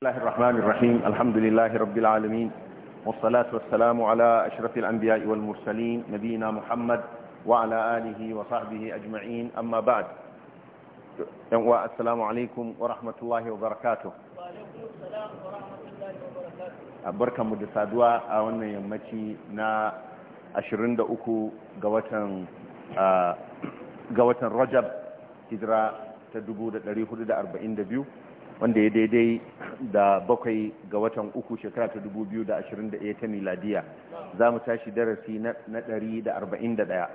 الله الرحمن الرحيم الحمد لله رب العالمين والصلاة والسلام على أشرف الأنبياء والمرسلين نبينا محمد وعلى آله وصحبه أجمعين أما بعد السلام عليكم ورحمة الله وبركاته وعليكم السلام ورحمة الله وبركاته بركة مدسادوا أولا يمتي نا أشرين دعوكو قواتن قواتن رجب تدرى تدبو دعوكو 442 wanda ya daidai da bakwai ga watan uku shekara ta 2021 ta miladiya za mu tashi darasi na 141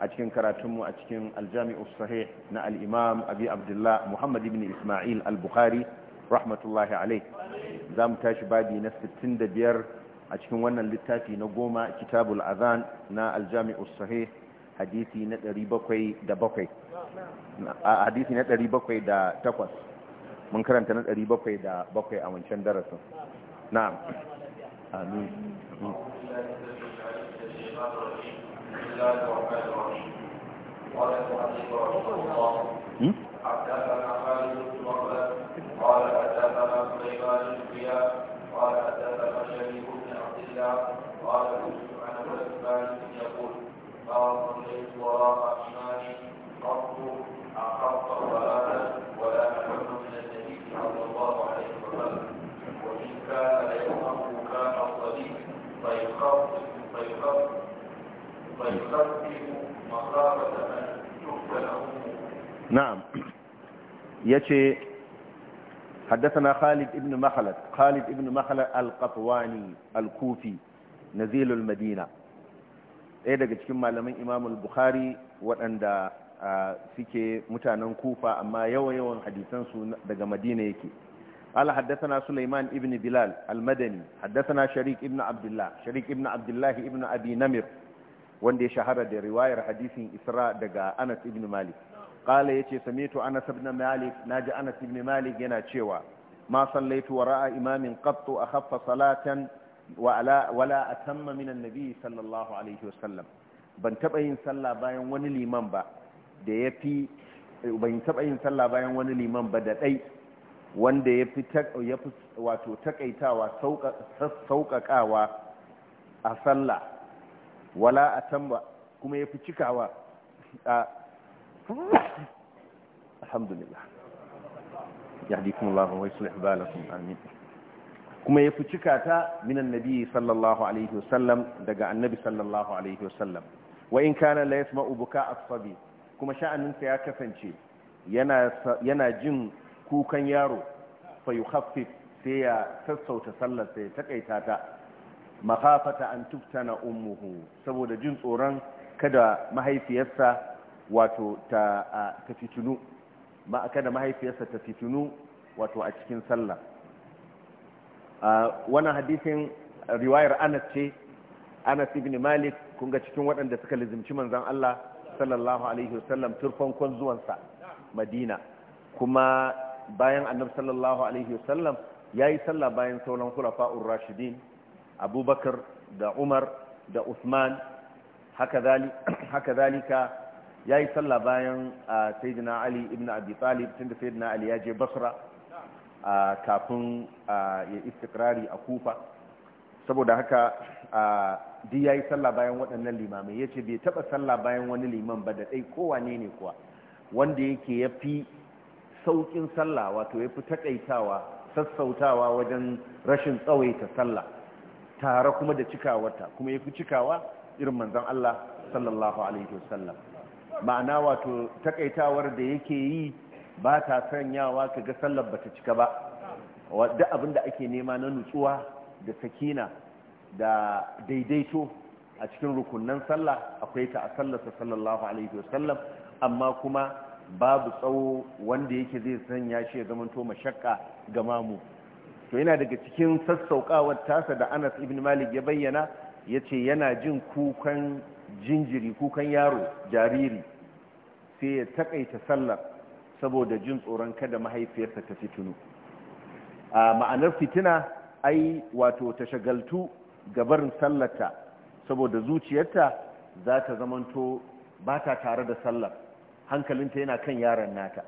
a cikin karatunmu a cikin aljami'u sahih na al'imam abi abdullah muhammad ibn ismail al-bukhari rahmatullahi alai za mu tashi babi na 65 a cikin wannan littafi na goma kitabul azan na aljami'u sahih hadisi na bakwai. hadisi na 708 mun karanta na 707 a wancan darasin na'am amin قال الحديث رحمه الله حدثنا خالد بن مخلد قال حدثنا سليمان بن زياد قال حدثنا شريف بن عبد الله قال كنت عن عثمان يقول ما صليت وراء عثمان قط yace حدثنا Khalid Ibn مخلد al ابن Al-Kufi الكوفي نزيل madina ɗaya daga cikin malaman imamul bukhari waɗanda suke mutanen kufa amma yawan-yawan hadisansu daga madina yake ala haddasana suleiman ibn bilal almadani haddasana sharik ibn abdullah sharik ibn abdullah ibn abi namir wanda ya shahara da riwayar hadisin isra daga anas ibn malik qala yace samitu anas ibn malik na ji anas ibn malik yana cewa ma sallaitu ra'a imamin qattu akhaffa salatan wala wala atamma min annabi sallallahu alaihi wasallam ban taba yin sallah bayan wani liman ba da yafi ban taba yin sallah bayan wani liman ba da dai wanda ya fi wato takaitawa sauƙaƙawa a sallah wala a atamma kuma ya fi cikawa الحمد لله يهديكم الله ويصلح بالكم آمين kuma ya fi kata minan nabi sallallahu alaihi wasallam daga annabi sallallahu alaihi wasallam wa in kana la yasma'u buka asabi kuma sha'aninsa ya kasance yana yana jin kukan yaro fa yukhaffif sai ya sassauta sallar sai ya takaita ta makhafata an tuftana ummuhu saboda jin tsoron kada mahaifiyarsa wato ta fitinu ma kada mahaifiyarsa ta fitinu wato a cikin sallah wannan hadisin riwayar anas ce anas ibn malik kun ga cikin waɗanda suka lizimci manzan Allah sallallahu alaihi wasallam turfankon zuwansa madina kuma bayan annabi sallallahu alaihi wasallam ya yi sallah bayan sauran kulafa'ur rashidin abubakar da umar da usman haka zalika ya yi sallah bayan saidina ali ibn abi talib da saidina ali ya je basra kafin ya istikrari a kufa saboda haka di ya yi sallah bayan waɗannan limamai ya ce bai taɓa sallah bayan wani liman ba da ɗai kowane ne kuwa wanda yake ya fi sauƙin sallah wato ya fi taƙaitawa sassautawa wajen rashin tsawaita sallah tare kuma da cikawarta kuma ya fi cikawa irin manzon Allah sallallahu alaihi wasallam ma'ana wato takaitawar da yake yi ba ta sanyawa ka ga sallar ba ta cika ba wadda abin da ake nema na nutsuwa da sakina da daidaito a cikin rukunan sallah akwai ta a sallarsa sallallahu alaihi wasallam amma kuma babu tsawo wanda yake zai sanya shi ya zamanto mashakka ga mamu to yana daga cikin sassaukawar tasa da anas ibn malik ya bayyana ya ce yana jin kukan jinjiri kukan yaro jariri sai ya takaita sallar saboda jin tsoron kada mahaifiyarsa ta fitinu a ma'anar fitina ai wato ta shagaltu gabarin sallarta saboda zuciyarta za ta zamanto ba ta tare da sallar hankalinta yana kan yaran nata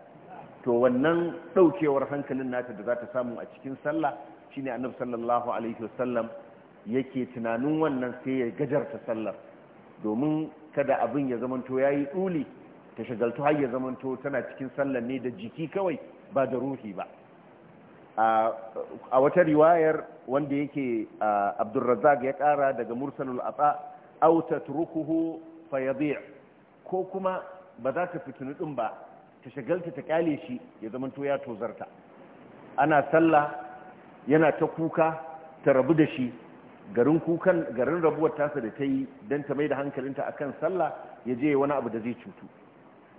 to wannan daukewar hankalin nata da za ta samu a cikin sallah shine annabi sallallahu alaihi wasallam yake tunanin wannan sai ya gajarta sallar domin kada abin ya zamanto yi ɗuli ta shagaltu har ya zamanto tana cikin sallar ne da jiki kawai ba da ruhi ba a wata riwayar wanda yake abdulrazak ya kara daga mursalul atsa auta turukuhu fayadir ko kuma ba za ta fitinu din ba ta shagalta ta kyale shi ya zamanto ya tozarta ana sallah yana ta kuka ta rabu da shi garin kukan garin rabuwar tasa da ta yi don ta mai da hankalinta akan sallah ya je wani abu da zai cutu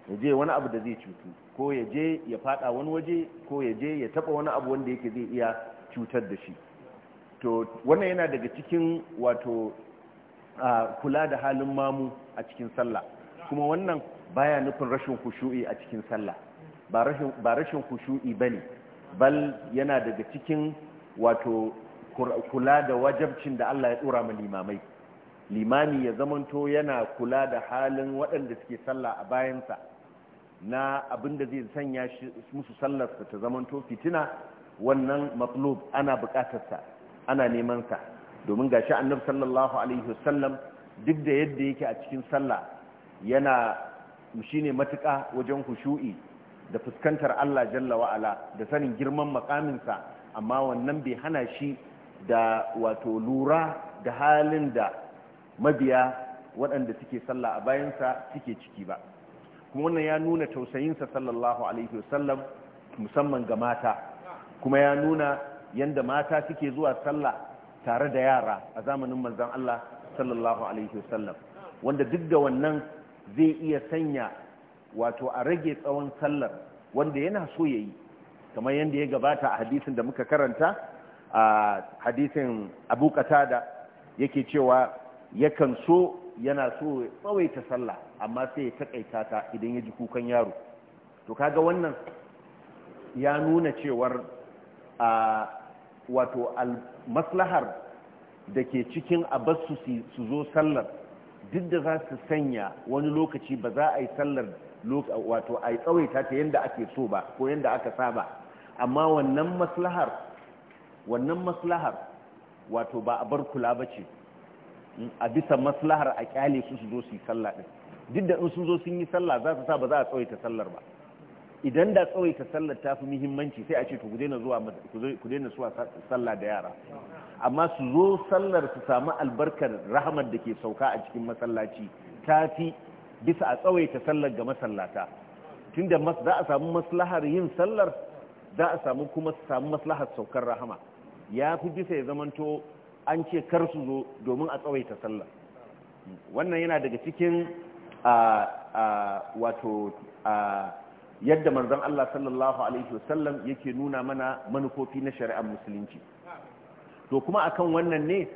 ya je wani abu da zai cutu ko ya je ya fada wani waje ko ya je ya taba wani abu wanda yake zai iya cutar da shi to wannan yana daga cikin wato kula da halin mamu a cikin sallah kuma wannan baya nufin rashin khushu'i a cikin sallah ba rashin ba rashin bane bal yana daga cikin wato kula da wajabcin da Allah ya dora ma limamai limami ya zamanto yana kula da halin waɗanda suke sallah a bayansa na abin da zai sanya musu sallar sallarsa ta zamanto fitina wannan matlub ana bukatarsa ana neman sa domin gashi annabi sallallahu alaihi wasallam duk da yadda yake a cikin sallah yana shine matuƙa wajen khushu'i da fuskantar Allah jalla wa'ala da sanin girman makaminsa sa amma wannan bai hana shi da wato lura da halin da mabiya waɗanda suke sallah a bayansa suke ciki ba kuma wannan ya nuna tausayinsa sallallahu alaihi wasallam musamman ga mata kuma ya nuna yanda mata suke zuwa sallah tare da yara a zamanin manzon Allah sallallahu alaihi wasallam wanda duk da wannan zai iya sanya wato a rage tsawon sallar wanda yana so yayi kamar yanda ya gabata a hadisin da muka karanta a hadisin Abu Qatada yake cewa yakan so yana so tsawaita sallah amma sai ya takaita ta idan ya ji kukan yaro to kaga wannan ya nuna cewar a wato maslahar da ke cikin abassu su zo sallar duk da za su sanya wani lokaci ba za a yi sallar wato a yi tsawaita ta yadda ake so ba ko yadda aka saba amma wannan maslahar wannan maslahar wato ba a bar kula ba ce a bisa maslahar a kyale su su zo su yi sallah ɗin duk da in sun zo sun yi sallah za su sa ba za a tsawaita sallar ba idan da tsawaita sallar ta fi muhimmanci sai a ce ku daina zuwa ku daina zuwa sallah da yara amma su zo sallar su samu albarkar rahamar da ke sauka a cikin masallaci ta fi bisa a tsawaita sallar ga masallata tunda za a samu maslahar yin sallar za a samu kuma su samu maslahar saukar rahama ya fi bisa ya zamanto an ce kar su zo domin a tsawaita sallar wannan yana daga cikin wato yadda manzon Allah sallallahu alaihi wasallam yake nuna mana manufofi na shari'ar musulunci to kuma akan wannan ne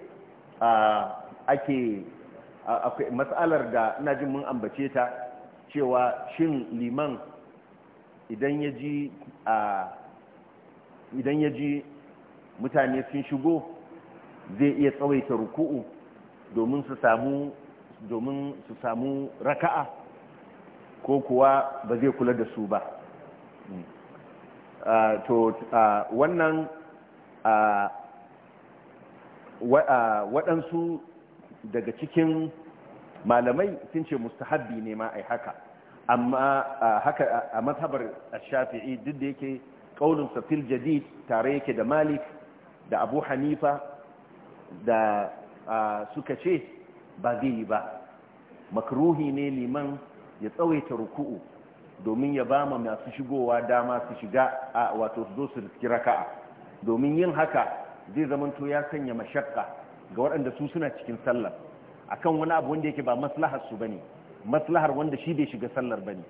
ake akwai matsalar da ina jin mun ambace ta cewa shin liman idan ya idan ya ji mutane sun shigo zai iya tsawaita ruku'u domin su samu domin su samu raka'a ko kuwa ba zai kula da su ba hmm. to wannan waɗansu daga cikin malamai sun ce mustahabbi ne ma ai haka amma haka a mazhabar shafi'i duk da yake ƙaunin safil jadid tare yake da malik da abu hanifa da suka ce ba zai yi ba makaruhi ne liman ya tsawaita ruku'u domin ya ba masu shigowa dama su shiga a wato su zo su riski raka'a domin yin haka zai zamanto ya sanya mashakka ga waɗanda su suna cikin sallar akan wani abu wanda yake ba maslahar su bane maslahar wanda shi bai shiga sallar bane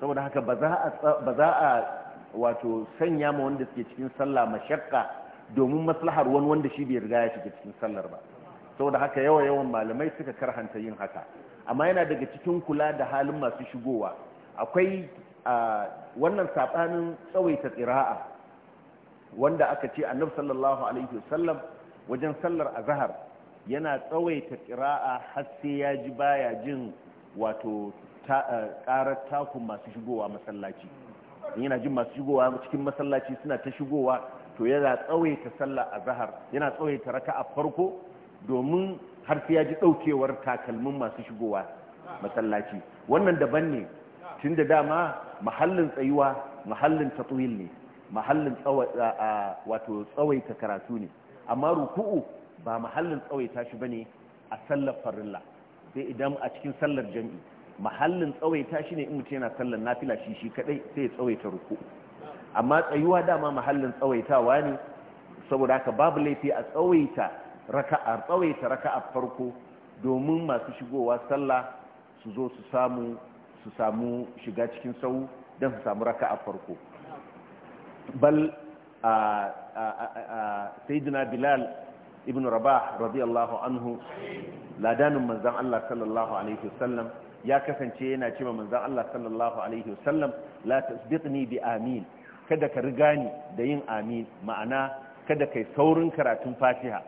saboda haka ba za a wato sanya ma wanda suke cikin sallah mashakka domin maslahar wani wanda shi bai riga ya shiga cikin sallar ba saboda haka yawa yawan malamai suka karhanta yin haka amma yana daga cikin kula da halin masu shigowa akwai wannan saɓanin tsawaita tsira'a wanda aka ce annabi sallallahu alaihi wasallam wajen sallar azahar yana tsawaita tsira'a har sai ya ji baya jin wato karar takun masu shigowa masallaci yana jin masu shigowa cikin masallaci suna ta shigowa to yana tsawaita sallar zahar yana tsawaita raka'a farko domin har sai ya ji ɗaukewar takalmin masu shigowa masallaci wannan daban ne tun da dama mahallin tsayuwa mahallin tatwil ne mahallin wato tsawaita karatu ne amma ruku'u ba mahallin tsawaita shi bane a sallar farilla sai idan a cikin sallar jam'i mahallin tsawaita shi ne in mutum yana sallar nafila shi shi kadai sai ya tsawaita ruku'u amma tsayuwa dama mahallin tsawaitawa ne saboda haka babu laifi a tsawaita raka'a tsawaita raka'a farko domin masu shigowa sallah su zo su samu su samu shiga cikin sau don su samu raka'a farko bal sayyidina bilal ibn rabah radiyallahu anhu ladanin manzan Allah sallallahu alaihi wasallam ya kasance yana ce ma manzan Allah sallallahu alaihi wasallam la tasbiqni bi amin kada ka riga ni da yin amin ma'ana kada kai saurin karatun fatiha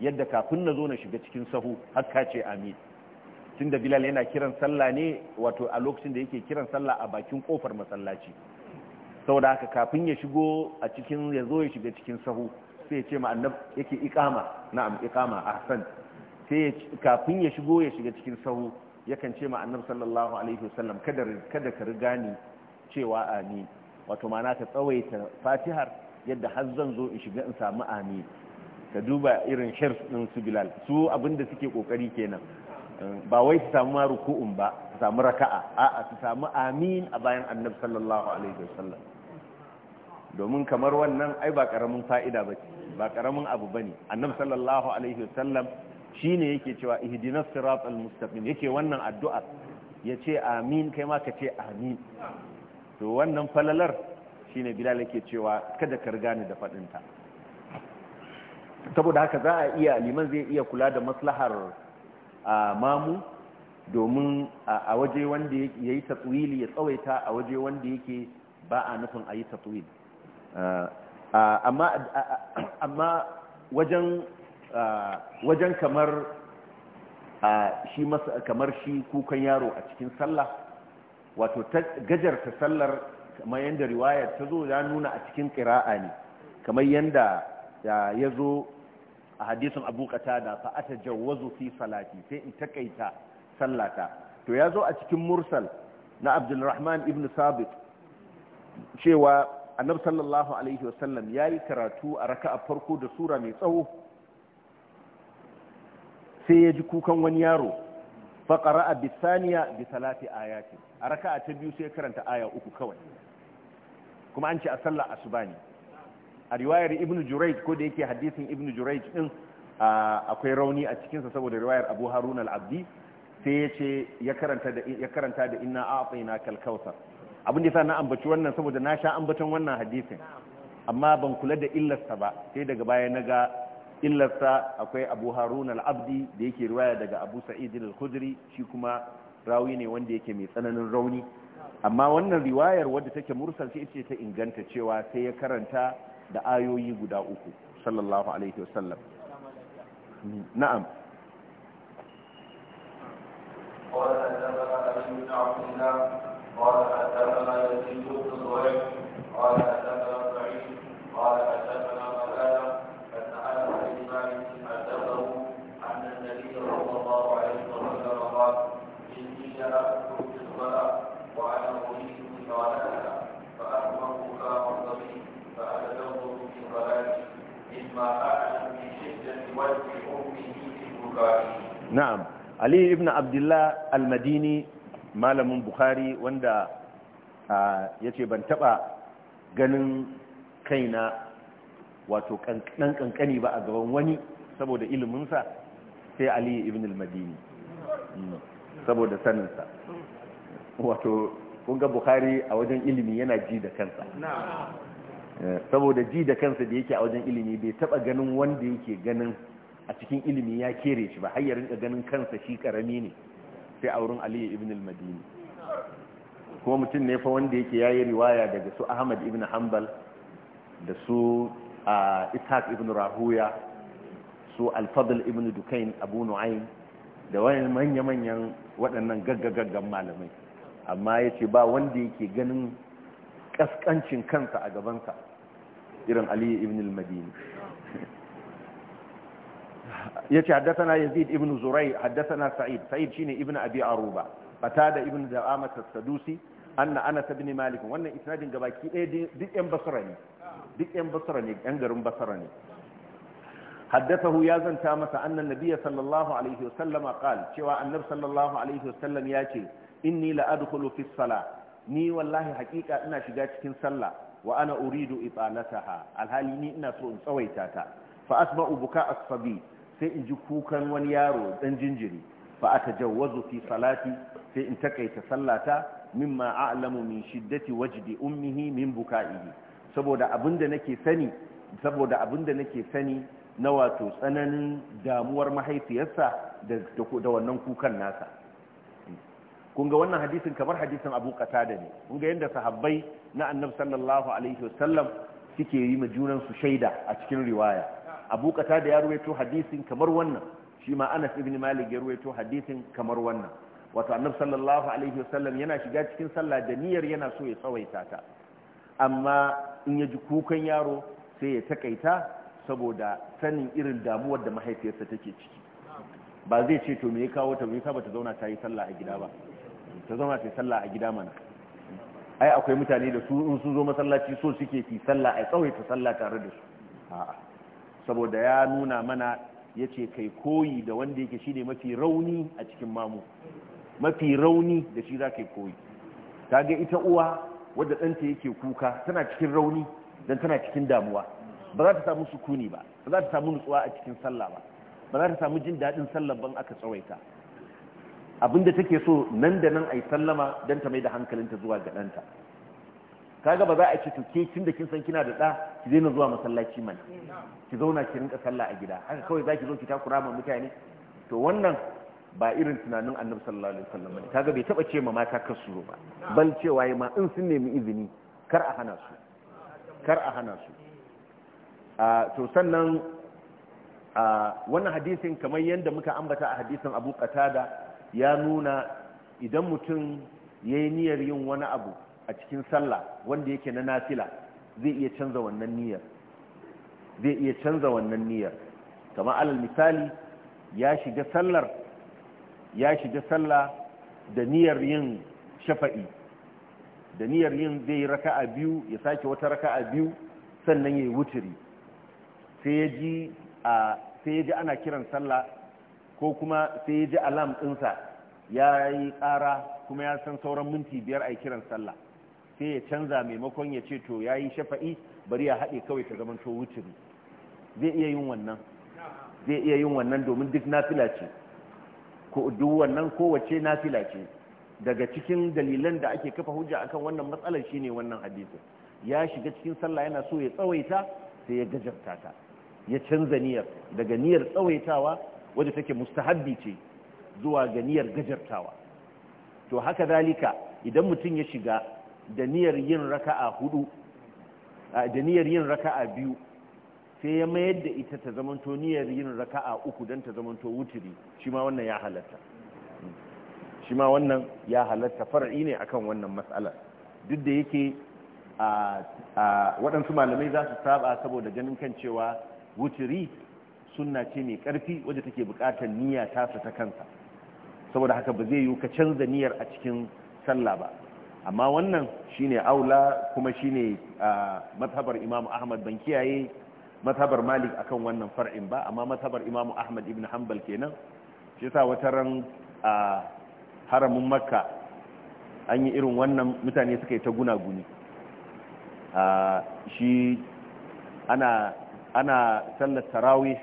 yadda kafin na zo na shiga cikin sahu hakka ce amin tun da bilal yana kiran sallah ne wato a lokacin da yake kiran sallah a bakin kofar masallaci saboda haka kafin ya shigo a cikin ya zo ya shiga cikin sahu sai ya ce ma annab yake ikama na'am ikama ahsan sai kafin ya shigo ya shiga cikin sahu yakan ce ma annab sallallahu alaihi wasallam kada kada ka riga ni cewa amin wato ma'ana ta tsawaita fatihar yadda har zan zo in shiga in samu amin ka duba irin shirs din su bilal su abinda suke kokari kenan ba wai su samu ruku'un ba su samu raka'a a'a su samu amin a bayan annabi sallallahu alaihi wasallam domin kamar wannan ai ba karamin fa'ida ba ba karamin abu bane annabi sallallahu alaihi wasallam shine yake cewa ihdinas siratal mustaqim yake wannan addu'a yace amin kai ma ka ce amin to wannan falalar shine bilal yake cewa kada ka riga ni da fadin ta saboda haka za a iya liman zai iya kula da maslahar mamu domin a waje wanda ya yi tatwili ya tsawaita a waje wanda yake ba a nufin a yi tatwili amma wajen kamar shi kukan yaro a cikin sallah wato gajarta sallar kamar yadda riwayar ta zo ya nuna a cikin kira'a ne kamar yadda ya zo a hadisin abu qatada fa atajawwazu fi salati sai in takaita sallata to ya zo a cikin mursal na abdulrahman ibn sabit cewa annabi sallallahu alaihi wasallam yayi karatu a raka'a farko da sura mai tsawo sai ya ji kukan wani yaro faƙara a bisaniya bi salati ayati a raka'a ta biyu sai ya karanta aya uku kawai kuma an ce a sallar asuba ne a riwayar Ibn jurayj ko da yake hadisin Ibn jurayj din akwai rauni a cikinsa saboda riwayar abu harun al-abdi sai ya ce ya karanta da inna a'tayna kal kalkautar abin da yasa na ambaci wannan saboda na sha ambacin wannan hadisin amma ban kula da illarsa ba sai daga baya na ga illarsa akwai abu harun al-abdi da yake riwaya daga abu sa'id al-khudri shi kuma rawi ne wanda yake mai tsananin rauni amma wannan riwayar wadda take mursal sai ce ta inganta cewa sai ya karanta da ayoyi guda uku sallallahu alaihi wa wasallam na'am wa la ta'lamu ma yusna'u illa wa la ta'lamu ma yusna'u illa ali ibn abdullah al-madini malamin bukhari wanda ya ce ban taba ganin kaina wato ɗan ƙanƙani ba a gaban wani saboda iliminsa sai ali ibn al-madini mm, saboda saninsa wato kunga bukhari a wajen ilimi yana ji da kansa eh, saboda ji da kansa da yake a wajen ilimi bai taba ganin wanda yake ganin a cikin ilimi ya kere shi ba har ganin kansa shi karami ne sai a wurin aliyu ibn al-madini kuma mutum ne fa wanda yake yayi riwaya daga su ahmad ibn hanbal da su ishaq ibn rahuya su al-fadl ibn dukain abu nu'aym da wayan manya-manyan waɗannan gaggagaggan malamai amma yace ba wanda yake ganin kaskancin kansa a gabanka, irin aliyu ibn al-madini yace haddathana yazid ibn zurai haddathana sa'id sa'id shine ibn abi aruba qatada ibn da'amat as-sadusi anna anas ibn malik wannan isnadin gabaki ɗaya duk yan basra ne duk yan basra ne yan garin basra ne haddathahu ya zanta masa anna nabiyya sallallahu alaihi wasallam qala cewa annab sallallahu alaihi wasallam yace inni la adkhulu fi salah ni wallahi hakika ina shiga cikin sallah wa ana uridu italataha alhali ni ina so in tsawaita ta fa asma'u buka as-sabi sai in ji kukan wani yaro dan jinjiri fa jawwazu fi salati sai in takaita sallata mimma a'lamu min shiddati wajdi ummihi min buka'ihi saboda abinda nake sani saboda abinda nake sani na wato tsananin damuwar mahaifiyarsa da wannan kukan nasa kun ga wannan hadisin kamar hadisin Abu Qatada ne kun ga yanda sahabbai na Annabi sallallahu alaihi wasallam suke yi ma junan su shaida a cikin riwaya abu da ya ruwaito hadisin kamar wannan shi ma anas ibn malik ya ruwaito hadisin kamar wannan wato annabi sallallahu alaihi wasallam yana shiga cikin sallah da niyyar yana so ya tsawaita ta amma in ya ji kukan yaro sai ya takaita saboda sanin irin damuwar da mahaifiyarsa take ciki ba zai ce to me ya kawo ta me yasa bata zauna ta yi sallah a gida ba ta zauna ta yi sallah a gida mana ai akwai mutane da su in sun zo masallaci so suke fi sallah ai tsawaita sallah tare da su a'a saboda ya nuna mana ya ce kai koyi da wanda yake shine mafi rauni a cikin mamu mafi rauni da shi za ka koyi ta ga ita uwa wadda ɗanta yake kuka tana cikin rauni don tana cikin damuwa ba za ta samu sukuni ba ba za ta samu nutsuwa a cikin sallah ba ba za ta samu jin daɗin sallah ban aka tsawaita abinda take so nan da nan a yi sallama don ta mai da hankalinta zuwa ga ɗanta kaga ba za a ce to ke kin da kin san kina da da ki daina zuwa masallaci mana ki zauna ki rinka sallah a gida haka kawai zaki zo ki takura ma mutane to wannan ba irin tunanin annabi sallallahu alaihi wasallam bane kaga bai taba ce ma mata kar su zo ba bal cewa yi ma in sun nemi izini kar a hana su kar a hana su a to sannan a wannan hadisin kamar yadda muka ambata a hadisin Abu Qatada ya nuna idan mutum yayi niyyar yin wani abu a cikin sallah wanda yake na nafila zai iya canza wannan niyyar zai iya canza wannan niyyar kamar alal misali ya shiga sallar ya shiga sallah da niyyar yin shafa'i da niyyar yin zai yi raka'a biyu ya sake wata raka'a biyu sannan ya yi wuturi sai ya ji a sai ya ana kiran sallah ko kuma sai ya ji alam ɗinsa ya yi ƙara kuma ya san sauran minti biyar a kiran sallah sai ya canza maimakon ya ce to ya yi shafa'i bari ya haɗe kawai ta zama to wuturi zai iya yin wannan zai iya yin wannan domin duk nafila ce ko duk wannan kowace nafila ce daga cikin dalilan da ake kafa hujja akan wannan matsalar shine wannan hadisi ya shiga cikin sallah yana so ya tsawaita sai ya gajarta ta ya canza niyyar daga niyyar tsawaitawa wadda take mustahabbi ce zuwa ga niyyar gajartawa to haka zalika idan mutum ya shiga da niyyar yin raka'a hudu da niyyar yin raka'a biyu sai ya mayar da ita ta zamanto niyyar yin raka'a uku don ta zamanto wuturi shi ma wannan ya halatta shi ma wannan ya halatta far'i ne akan wannan matsala duk da yake a waɗansu malamai za su saba saboda ganin kan cewa wuturi sunna ce mai ƙarfi wadda take buƙatar niyya tasa ta kansa saboda haka ba zai yi ka canza niyyar a cikin sallah ba amma wannan shine aula kuma shine mazhabar imamu ahmad ban kiyaye mazhabar malik akan wannan far'in ba amma mazhabar imamu ahmad ibn hanbal kenan shi sa wata ran a haramin makka an yi irin wannan mutane suka yi ta gunaguni a shi ana sallar tarawih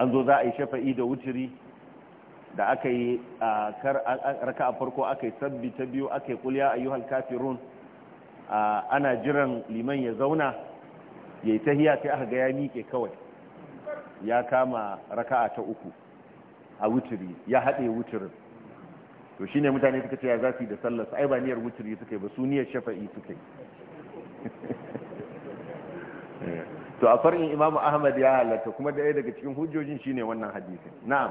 an zo za a yi shafa'i da wuturi da aka yi a raka a farko aka yi sabbi ta biyu aka yi kulya ayyuhal kafirun ana jiran liman ya zauna ya yi tahiya ta aka ga ya miƙe kawai ya kama a ta uku a wuturi ya haɗe wuturin to shi ne mutane suka ce ya za su yi da sallas ai ba niyar wuturi suka yi ba su niyar shafa'i suka yi to a farin imamu ahmad ya halatta kuma da ɗaya daga cikin hujjojin shine wannan hadisin na'am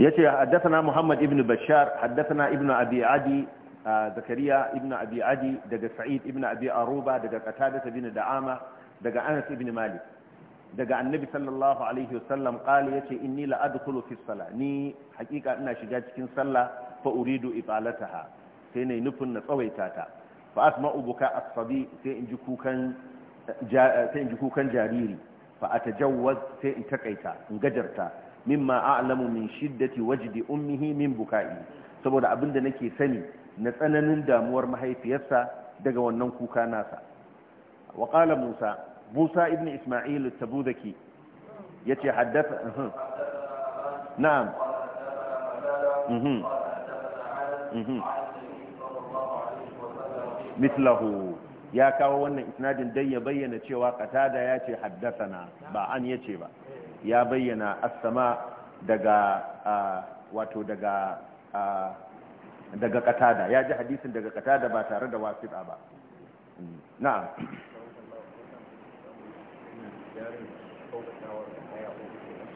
yace haddathana Muhammad ibn Bashar haddathana ibn Abi Adi Zakariya ibn Abi Adi daga Sa'id ibn Abi Aruba daga Qatada ibn Da'ama daga Anas ibn Malik daga Annabi sallallahu alaihi wasallam qali yace inni la adkhulu fi salah ni hakika ina shiga cikin sallah fa uridu italataha sai nayi nufin na tsawaita ta fa asma'u buka as-sabi sai in ji kukan sai in ji kukan jariri fa atajawwaz sai in takaita in gajarta mimma a'lamu min shiddati wajdi ummihi min buka'i saboda abinda nake sani na tsananin damuwar mahaifiyarsa daga wannan kuka nasa wa qala Musa Musa ibn Isma'il at-Tabudaki yace haddatha uh-huh. na'am mhm mhm mithlahu ya kawo wannan isnadin dai ya bayyana cewa qatada ya ce haddathana ba an yace ba ya bayyana as-sama daga wato daga daga qatada ya ji hadisin daga qatada ba tare da wasita ba na'am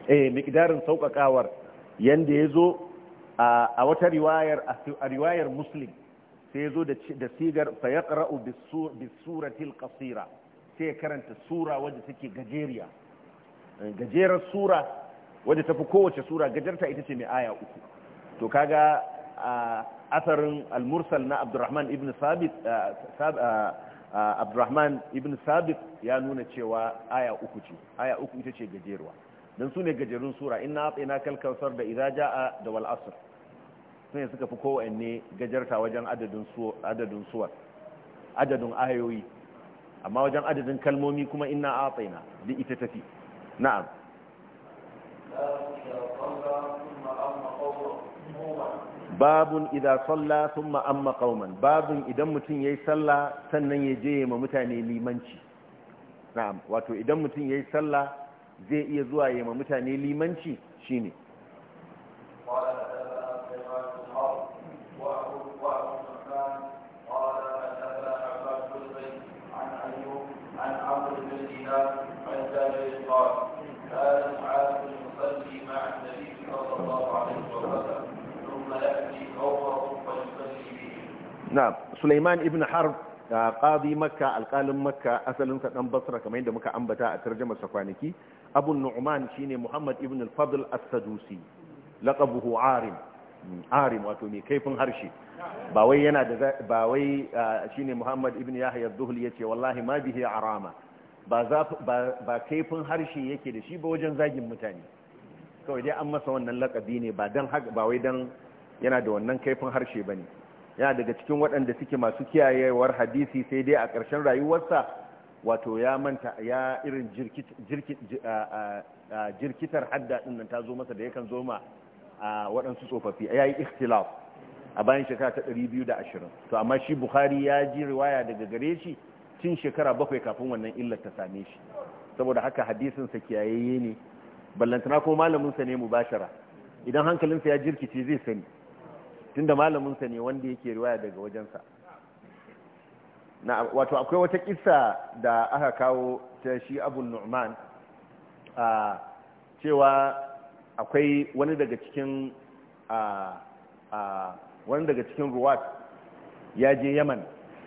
eh miqdarin sauƙaƙawar yanda yazo a wata riwayar a riwayar muslim sai ya zo da sigar fayaƙra'u bisuratil kasira sai ya karanta sura wadda take gajeriya eh, gajerar sura wadda tafi kowace sura gajarta ita ce mai aya uku to kaga a asarin almursal na abdurrahman ibn sabit abdurrahman ibn sabit ya nuna cewa aya uku ce aya uku ita ce gajeruwa don su ne gajerun sura ina tsina kalkansar da idaja da wal'asar sun suka fi kowanne gajarta wajen adadin suwar adadin ayoyi amma wajen adadin kalmomi kuma ina a tsaina duk ita tafi na'am babun idan tsalla sun ma'amma makauman babun idan mutum ya yi tsalla sannan ya je ma mutane limanci na'am wato idan mutum ya yi tsalla zai iya zuwa ya ma mutane limanci shine ne na Sulaiman ibn Harb qadi Makka alqalin Makka asalinsa sa dan Basra kamar yadda muka ambata a tarjumar sa kwanaki Abu Nu'man shine Muhammad ibn al-Fadl as-Sadusi Arim Arim wato mai kaifin harshe ba wai yana da ba wai shine Muhammad ibn Yahya az ya ce wallahi ma bihi arama ba ba kaifin harshe yake da shi ba wajen zagin mutane kawai dai an masa wannan lakabi ne ba dan haka ba wai dan yana da wannan kaifin harshe ne. yana daga cikin waɗanda suke masu kiyayewar hadisi sai dai a ƙarshen rayuwarsa wato ya manta ya irin jirkitar hadda ɗin nan ta zo masa da yakan zo ma a waɗansu tsofaffi ya yi ikhtilaf a bayan shekara ta 220 to amma shi buhari ya ji riwaya daga gare shi cin shekara bakwai kafin wannan illar ta same shi saboda haka hadisinsa kiyayeye ne ballantana ko malaminsa ne mubashara idan hankalinsa ya jirkice zai sani tunda malaminsa ne wanda yake riwaya daga wajensa na wato akwai wata kissa da aka kawo ta shi abu nu'man a cewa akwai wani daga cikin a a wani daga cikin ruwat ya je yaman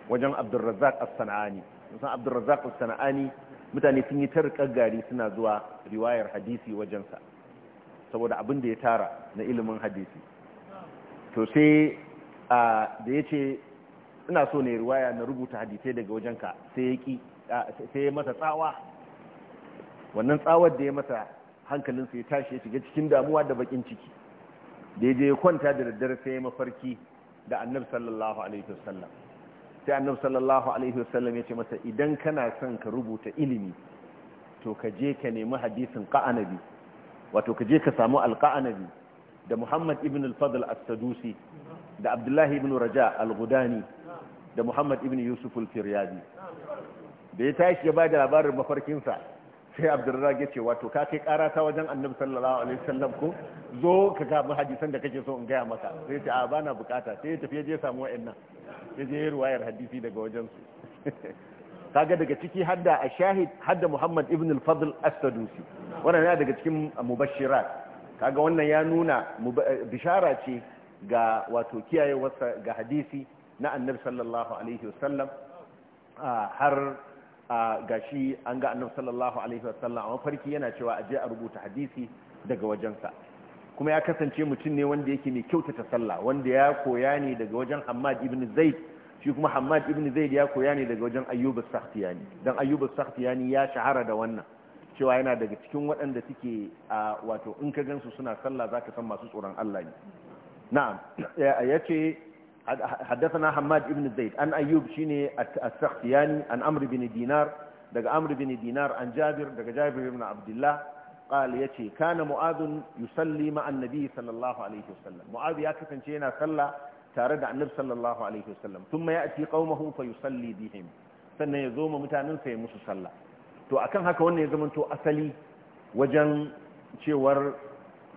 wajen abdulrazak as-sana'ani musan abdulrazak as-sana'ani mutane sun yi tarkar gari suna zuwa riwayar hadisi wajensa saboda abin da ya tara na ilimin hadisi to sai da ya ce ina so ne ruwaya na rubuta hadisai daga wajenka sai ya ki masa tsawa wannan tsawar da ya masa hankalinsa ya tashi ya shiga cikin damuwa da bakin ciki da ya je ya kwanta da daddare sai ya mafarki da annab sallallahu alaihi wasallam sai annab sallallahu alaihi wasallam ya ce masa idan kana son ka rubuta ilimi to ka je ka nemi hadisin ka'anabi wato ka je ka samu alka'anabi da muhammad ibn al-fadl as-sadusi da abdullahi ibn raja al-gudani da muhammad ibn yusuf al-firyadi da ya tashi ya ba da labarin mafarkinsa sai abdurrazak ya ce wato ka kai karata wajen annabi sallallahu alaihi wasallam ko zo ka ga hadisan da kake so in gaya maka sai ce a bana bukata sai ya tafi je samu wayannan ya je ruwayar hadisi daga wajen su kaga daga ciki hadda a shahid hadda muhammad ibn al-fadl as-sadusi wannan daga cikin mubashirat kaga wannan ya nuna eh, bishara ce ga wato kiyaye wasa ga hadisi na annabi sallallahu alaihi wasallam ah, har ah, ga shi an ga annabi sallallahu alaihi wasallam a mafarki yana cewa aje a rubuta hadisi daga wajensa kuma ya kasance mutum ne wanda yake mai kyautata sallah wanda ya koya ne daga wajen Hamad ibn Zaid shi kuma Hamad ibn Zaid ya koya ne daga wajen Ayyub as-Sakhtiyani dan Ayyub as-Sakhtiyani ya shahara da wannan cewa yana daga cikin waɗanda suke a wato in ka gansu suna sallah zaka san masu tsoron Allah ne na a ya haddasa na hamad ibn zaid an ayyub shine ne a sakhtiyani an amur bin dinar daga amur bin dinar an jabir daga jabir ibn abdullah ƙali ya ce kana mu'azin yusalli ma'an nabi sallallahu alaihi wasallam mu'azi ya kasance yana sallah tare da annab sallallahu alaihi wasallam sun ma ya ce kawo mahufa yusalli biyu ne sannan ya zo ma mutanen sa musu sallah to akan haka wannan ya to asali wajen cewar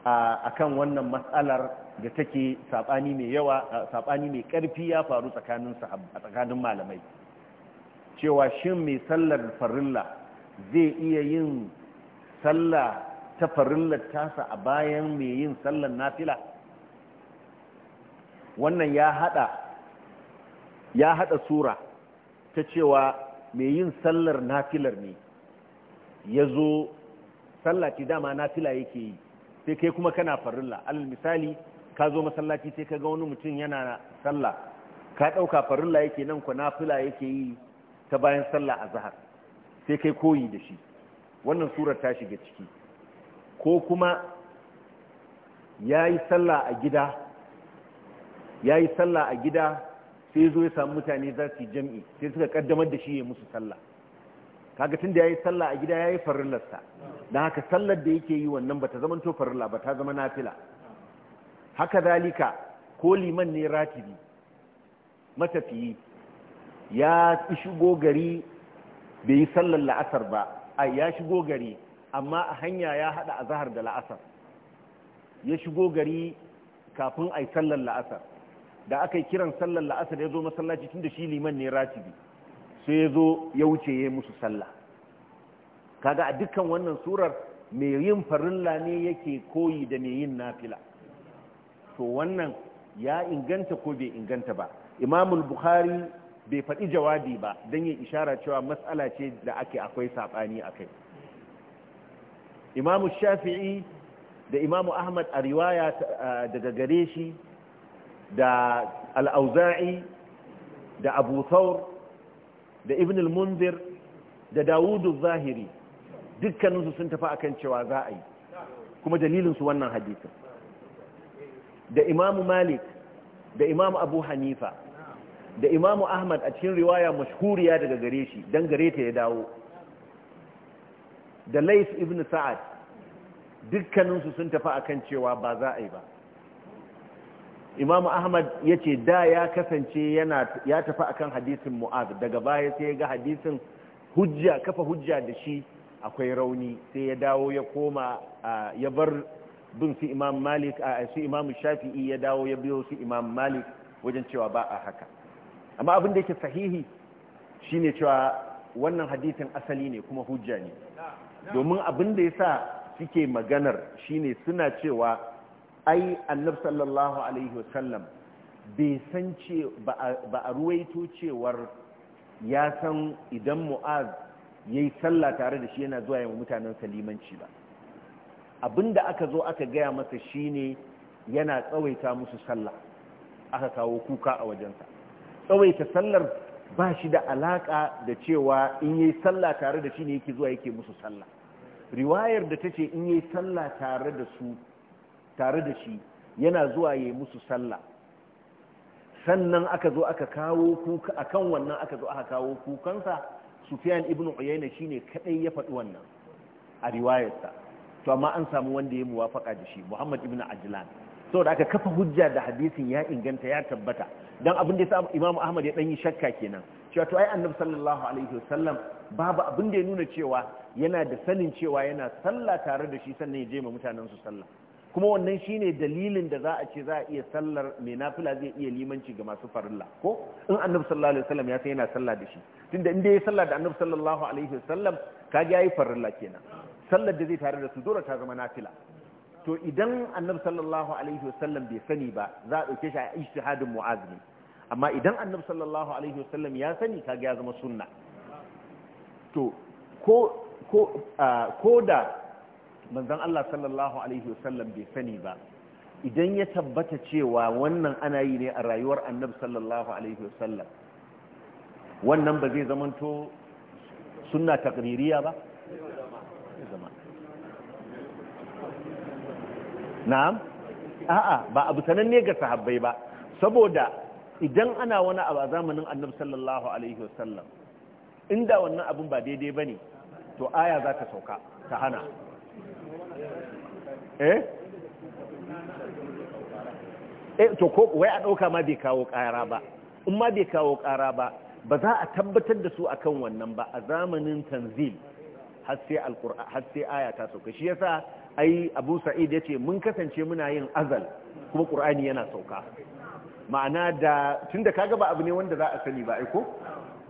a kan wannan matsalar da take sabani mai yawa sabani mai ƙarfi ya faru tsakanin malamai cewa shin mai sallar farilla zai iya yin sallah ta farilla tasa a bayan mai yin sallar nafila wannan ya haɗa sura ta cewa mai yin sallar nafilar ne ya zo sallaci dama nafila yake yi sai kai kuma kana farilla alal misali ka zo masallaci sai ka ga wani mutum yana sallah ka ɗauka farilla yake nan ku nafila yake yi ta bayan sallah a zahar sai kai koyi da shi wannan surar ta shiga ciki ko kuma ya yi sallah a gida ya sallah a gida sai zo ya samu mutane zasu su yi jam'i sai suka kaddamar da shi ya musu sallah kaga tunda yi sallah a gida yayi farillarsa dan haka sallar da yake yi wannan bata zama to farilla ba ta zama nafila haka zalika ko liman ne ratibi matafiyi ya shigo gari bai yi sallar la'asar ba a ya shigo gari amma a hanya ya hada zahar da la'asar ya shigo gari kafin a ai sallar la'asar da aka yi kiran sallar la'asar ya zo masallaci tunda shi liman ne ratibi sai ya zo ya wuce ya musu sallah kaga a dukkan wannan surar mai yin farilla ne yake koyi da mai yin nafila to wannan ya inganta ko bai inganta ba imamul bukhari bai faɗi jawabi ba don yin ishara cewa matsala ce da ake akwai saɓani a kai imamu shafi'i da imamu ahmad a riwaya daga gare shi da al'auza'i da abu thawr da ibn al-munzir da dawudu zahiri dukkaninsu sun tafi akan cewa za a yi kuma dalilinsu wannan hadisin da imamu malik da imamu abu hanifa da imamu ahmad a cikin riwaya mashhuriya daga gare shi don gare ta ya dawo da lais ibn sa'ad dukkaninsu sun tafi akan cewa ba za a yi ba Imam ahmad ya ce da ya kasance ya tafi akan hadisin mu'az daga baya sai ya ga hadisin hujja kafa hujja da shi akwai rauni sai ya dawo ya koma ya bar bin su imam malik a su imam shafi'i ya dawo ya biyo su imam malik wajen cewa ba a haka amma abin da yake sahihi shine cewa wannan hadisin asali ne kuma hujja ne domin abin da ya sa suke maganar shine suna cewa ai annab sallallahu alaihi wasallam bai san ce ba a ruwaito cewar ya san idan mu'az ya yi sallah tare da shi yana zuwa yawan mutanen salimanci ba abinda aka zo aka gaya masa shine yana tsawaita musu sallah aka kawo kuka a wajensa tsawaita sallar ba shi da alaka da cewa in yi sallah tare da shi ne yake zuwa yake musu sallah riwayar da ta ce in yi sallah tare da su tare da shi yana zuwa ya musu sallah sannan aka zo aka kawo kuka akan wannan aka zo aka kawo kukansa sufyan ibn uyayna ne kaɗai ya faɗi wannan a riwayarsa to amma an samu wanda ya muwafaka da shi muhammad ibn ajlan saboda aka kafa hujja da hadisin ya inganta ya tabbata dan abin da ya imamu ahmad ya dan yi shakka kenan cewa to ai annabi sallallahu alaihi wasallam babu abin da ya nuna cewa yana da sanin cewa yana sallah tare da shi sannan ya je ma mutanen su sallah kuma wannan shine dalilin da za a ce za a iya sallar mai nafila zai iya limanci ga masu farilla ko in annabi sallallahu alaihi wasallam ya san yana sallah da shi tunda in dai sallah da annabi sallallahu alaihi wasallam kaga yayi farilla kenan sallar da zai tare da su dole ta zama nafila to idan annabi sallallahu alaihi wasallam bai sani ba za a dauke shi a ijtihadin mu'az ne amma idan annabi sallallahu alaihi wasallam ya sani kaga ya zama sunna to ko ko ko da manzon Allah sallallahu alaihi wasallam bai sani ba idan ya tabbata cewa wannan ana yi ne a rayuwar annab sallallahu alaihi wasallam wannan ba zai zamanto suna takririya ba na'am a'a ba abu sananne ga sahabbai ba saboda idan ana wani abu a zamanin annab sallallahu alaihi wasallam inda wannan abun ba daidai ba ne to aya za ta sauka ta hana eh eh to ko wai a dauka ma bai kawo kara ba in ma bai kawo kara ba ba za a tabbatar da su akan wannan ba a zamanin tanzil har sai alqur'an har sai aya ta sauka shi yasa ai Abu Sa'id yace mun kasance muna yin azal kuma Qur'ani yana sauka ma'ana da tunda kaga ba abu ne wanda za a sani ba ai ko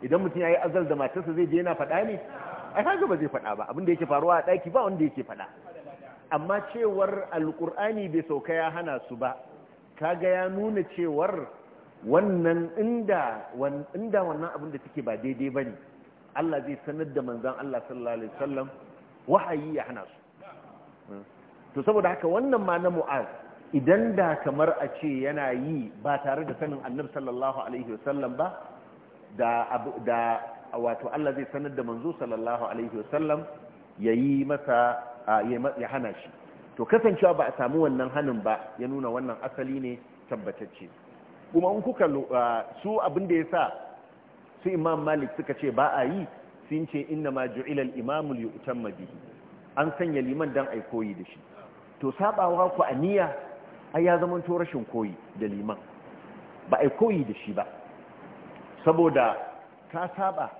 idan mutum yayi azal da matarsa zai je yana faɗa ne ai kaga ba zai faɗa ba abin da yake faruwa a ɗaki ba wanda yake faɗa amma cewar alkur'ani bai sauka ya hana su ba kaga ya nuna cewar wannan inda inda wannan abin da take ba daidai bane Allah zai sanar da manzon Allah sallallahu alaihi wasallam wahayi ya hana su hmm. to saboda haka wannan ma na mu'az idan da kamar a ce yana yi ba tare da sanin annabi sallallahu alaihi wasallam ba da da A wato Allah zai sanar da manzo sallallahu alaihi wasallam yayi masa ya hana shi to kasancewa ba a samu wannan hanin ba ya nuna wannan asali ne tabbatacce kuma in kuka su abin da sa su Imam Malik suka ce ba a yi sun ce inna ma ju'ila al-imamu li bihi an sanya liman dan ai koyi da shi to sabawa ku aniya ai ya zaman to rashin koyi da liman ba ai koyi da shi ba saboda ka saba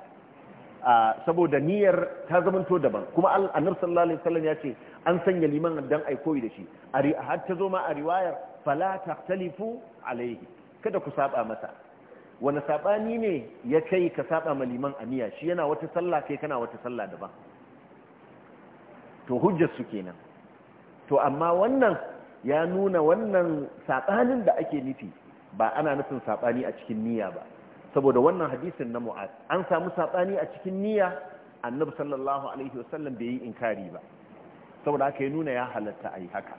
saboda niyyar ta zamanto daban kuma annabi sallallahu alaihi wasallam ya ce an sanya liman dan ai koyi da shi har ta zo ma a riwayar fala taqtalifu alaihi kada ku saba masa wani sabani ne ya kai ka saba ma liman a miya shi yana wata sallah kai kana wata sallah daban to hujjar su kenan to amma wannan ya nuna wannan sabanin da ake nufi ba ana nufin sabani a cikin niyya ba saboda wannan hadisin na mu'ad, an samu saɓani a cikin niyya annabi sallallahu alaihi wasallam bai yi inkari ba saboda aka yi nuna ya halatta a yi haka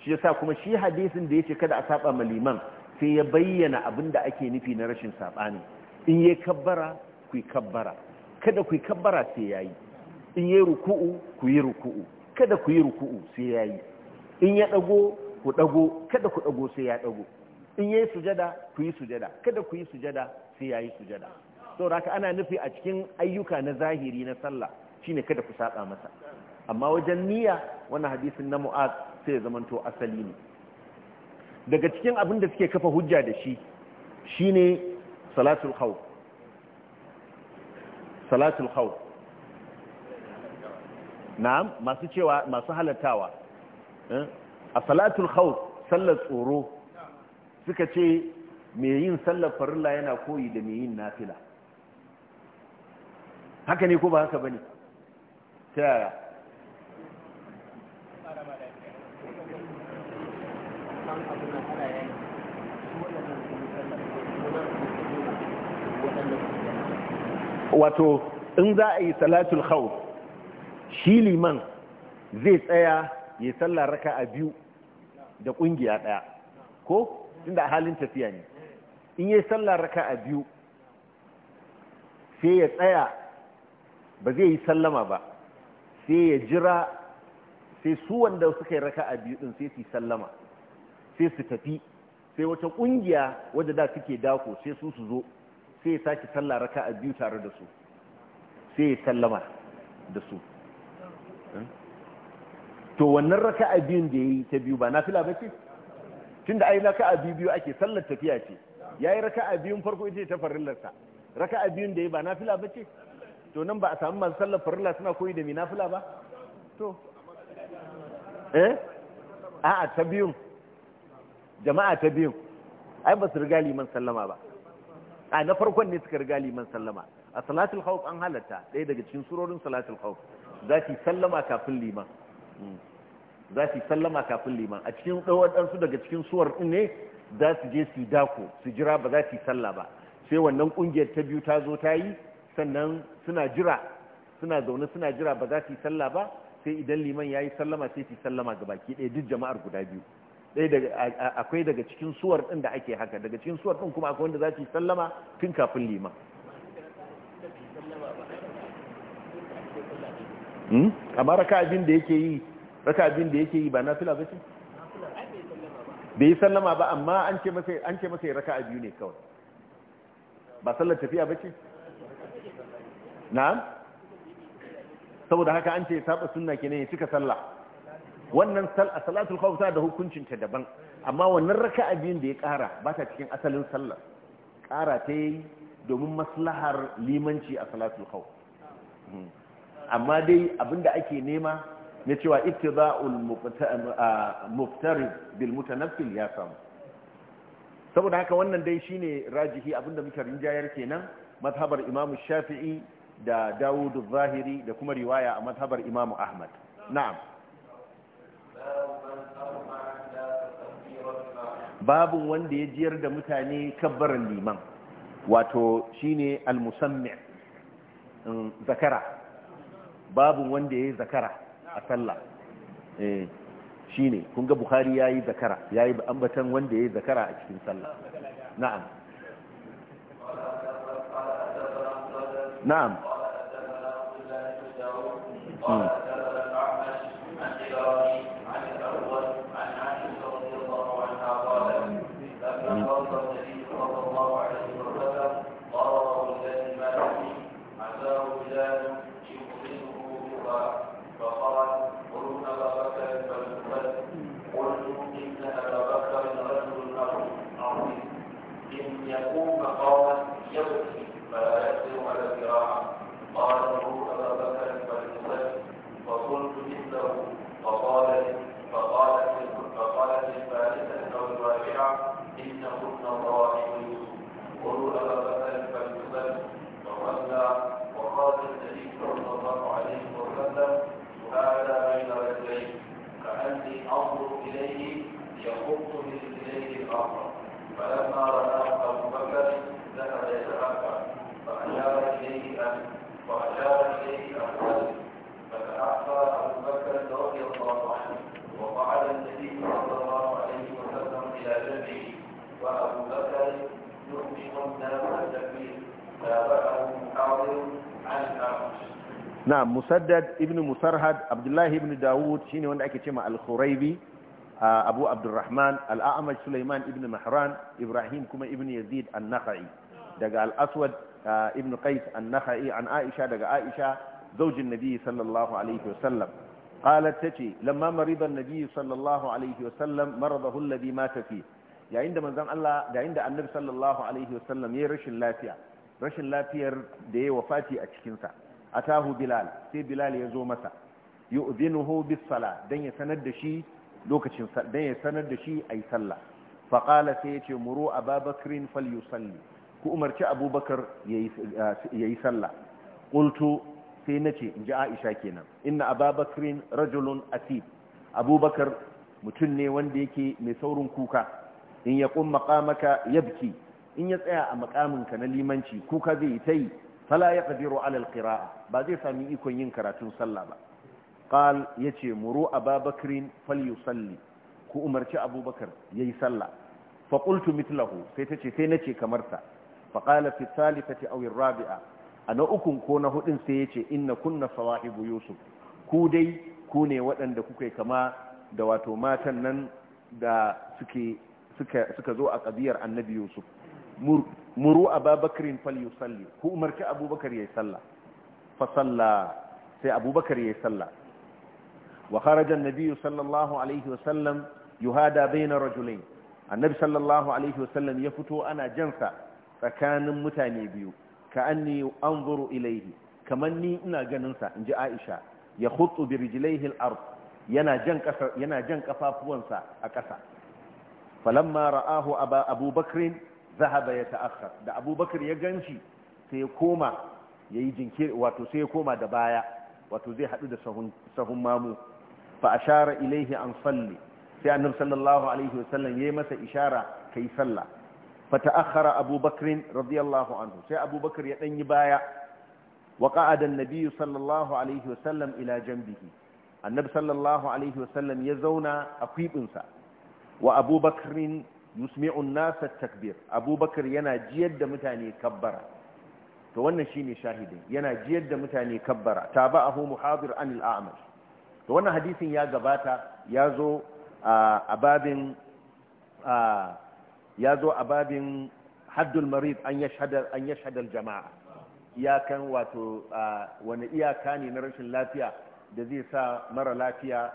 shi yasa kuma shi hadisin da ya ce kada a saɓa ma liman sai ya bayyana abin da ake nufi na rashin saɓani in yi kabbara ku yi kabbara kada ku yi kabbara sai ya yi in yi ruku'u ku yi ruku'u kada ku yi ruku'u sai ya yi in ya ɗago ku ɗago kada ku ɗago sai ya ɗago in yayi sujada ku yi sujada kada ku yi sujada sai yayi sujada saboda raka ana nufi a cikin ayyuka na zahiri na sallah shine kada ku saba masa amma wajen niyya wannan hadisin na mu'az sai ya zamanto asali ne daga cikin abin da suke kafa hujja da shi shine salatul khawf salatul khawf na'am masu cewa masu halatawa eh? a salatul khawf sallar tsoro suka ce mai yin sallar farilla yana koyi da mai yin nafila haka ne ko ba haka bane ta yaya wato in za a yi salatul khawf shi liman zai tsaya ya sallar raka a biyu da kungiya daya ko tunda a halin tafiya ne in yi sallah a biyu sai ya tsaya ba zai yi sallama ba sai ya jira sai su wanda suka yi raka a biyu din sai su yi sallama sai su tafi sai wata kungiya wadda da suke dako sai su su zo sai ya sake sallah a biyu tare da su sai ya sallama da su eh? to wannan raka a biyun da ya yi ta biyu ba fila ba ce tunda ai raka'a biyu biyu ake sallar tafiya ce yayi raka'a biyun farko ita ta farillarsa raka'a biyun da ya ba nafila bace to nan ba a samu masu sallar farilla suna koyi da mai nafila ba to eh a'a ta biyun jama'a ta biyun ai ba su riga liman sallama ba a na farkon ne suka riga liman sallama a salatul khawf an halatta ɗaya daga cikin surorin salatul khawf za ki sallama kafin liman hmm. za su sallama kafin liman a cikin ɗansu daga cikin suwar ɗin ne za su je su dako su jira ba za su salla ba sai wannan ƙungiyar ta biyu ta zo ta yi sannan suna jira suna zaune suna jira ba za su salla ba sai idan liman ya yi sallama sai su sallama ga baki ɗaya duk jama'ar guda biyu akwai daga cikin suwar ɗin da ake haka daga cikin suwar ɗin kuma akwai wanda za su sallama tun kafin liman hmm? a baraka abin da yake yi raka abin da yake yi ba nafila ba ce bai yi sallama ba amma an ce masa ya raka biyu ne kawai ba sallar tafiya ba ce na'am saboda haka an ce saba suna kenan ya cika sallah wannan salatul khawf ta da hukuncin ta daban amma wannan raka abin da ya kara ba ta cikin asalin sallar kara ta yi domin maslahar limanci a salatul khawf hmm. amma dai abinda ake nema na cewa ittiba'ul muftarid bil mutanaffil ya samu saboda haka wannan dai shine rajihi abinda muke rinjayar kenan mazhabar Imam Shafi'i da Dawudu zahiri da kuma riwaya a mazhabar Imam Ahmad na'am babu wanda ya jiyar da mutane kabbaran liman wato shine al-musammi mm, zakara babu wanda ya zakara a sallah eh ne kun ga bukhari yi zakara ya yi ambatan wanda ya yi zakara a cikin sallah na'am na'am hmm. musaddad ibn musarhad abdullahi ibn dawud shine wanda ake cewa al-khuraibi abu abdurrahman al-a'maj sulaiman ibn mahran ibrahim kuma ibn yazid an-nakhai daga al-aswad ibn qais an-nakhai an aisha daga aisha zaujin nabi sallallahu alaihi sallam qalat tati lamma marida an-nabi sallallahu alaihi sallam maradahu alladhi mata fi yayin da manzon Allah yayin da annabi sallallahu alaihi sallam yayin rashin lafiya rashin lafiyar da ya wafati a cikin sa atahu bilal sai bilal ya zo masa yu'zinuhu bis sala dan ya sanar da shi lokacin dan ya sanar da shi ai sallah fa qala sai ya ce muru ababakrin falyusalli ku umarci abubakar yayi sallah qultu sai nace inji aisha kenan inna ababakrin rajulun atib abubakar mutum ne wanda yake mai saurin kuka in ya kun makamaka yabki in ya tsaya a makaminka na limanci kuka zai yi ta yi fala yaqdiru alal ƙira'a, ba zai sami ikon yin karatun sallah ba Ya yace muru ababakrin salli, ku umarci abubakar yayi sallah faƙultu mitlahu mithlahu sai tace sai nace kamar ta fa qala fi thalithati Rabi'a. A na ukun ko na huɗun sai yace inna kunna sawahibu yusuf ku dai ku ne waɗanda kuka kama da wato matan nan da suke suka zo a ƙabiyar annabi yusuf مروا أبا بكر فليصلي هو مرك أبو بكر يصلى فصلى سي أبو بكر يصلى وخرج النبي صلى الله عليه وسلم يهادى بين رجلين النبي صلى الله عليه وسلم يفتو أنا جنسا فكان متاني بيو كأني أنظر إليه كمني إنا جننسا إنجا عائشة يخط برجليه الأرض ينا جنك فافوانسا أكسا فلما رآه أبا أبو بكر zahaba ya ta'akhkhar da abubakar ya ganshi sai ya koma yayi jinkiri wato sai ya koma da baya wato zai hadu da sahun sahun mamu fa ashara ilaihi an salli sai annabi sallallahu alaihi wasallam yayi masa ishara kai sallah fa ta'akhkhara abubakar radiyallahu anhu sai abubakar ya danyi baya wa qa'ada an sallallahu alaihi wasallam ila janbihi annabi sallallahu alaihi wasallam ya zauna a kwibinsa wa Abubakar. yusmi'un nasa takbir abubakar yana jiyar da mutane kabbara to wannan shine shahidin yana jiyar da mutane kabbara tabahu muhadir anil Ahmad, to wannan hadisin ya gabata ya zo a babin ya a babin haddul marid an yashhada an yashhada al jama'a iyakan wato wani iyaka ne na rashin lafiya da zai sa mara lafiya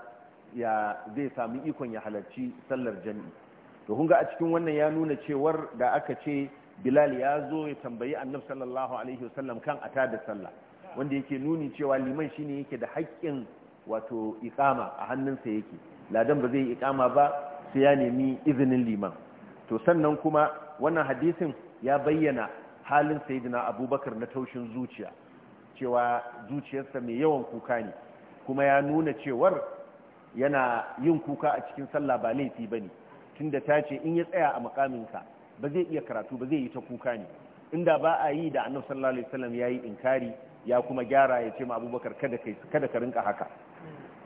ya zai sami ikon ya halarci sallar jami'i to kun ga a cikin wannan ya nuna cewar da aka ce bilal ya zo ya tambayi annabi sallallahu alaihi wasallam kan ata da sallah wanda yake nuni cewa liman shine yake da haƙƙin wato iqama a hannunsa yake ladan ba zai iqama ba sai ya nemi izinin liman to sannan kuma wannan hadisin ya bayyana halin sayyidina abubakar na taushin zuciya cewa zuciyarsa mai yawan kuka ne kuma ya nuna cewar yana yin kuka a cikin sallah ba laifi bane tunda ta ce in ya tsaya a makaminka ba zai iya karatu ba zai yi ta kuka ne inda ba a yi da annabi sallallahu alaihi wasallam yayi inkari ya kuma gyara ya ce ma abubakar kada kai kada ka rinka haka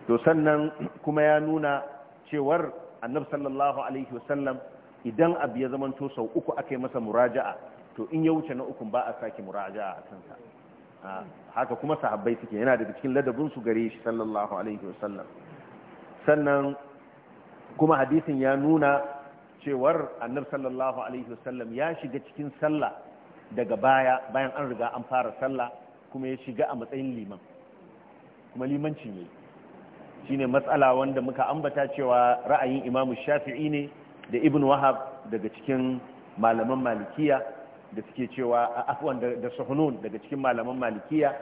to sannan kuma ya nuna cewar annabi sallallahu alaihi wasallam idan abu ya zamanto sau uku aka masa muraja'a to in ya wuce na uku ba a sake muraja'a a kansa haka kuma sahabbai suke yana da cikin ladabin su gare shi sallallahu alaihi wasallam sannan kuma hadisin ya nuna cewar annabi sallallahu alaihi wasallam ya shiga cikin sallah daga baya bayan an riga an fara sallah kuma ya shiga a matsayin liman kuma limanci ne shine matsala wanda muka ambata cewa ra'ayin imamu shafi'i ne da ibn wahab daga cikin malaman malikiya da suke cewa afwan da suhunun daga cikin malaman malikiya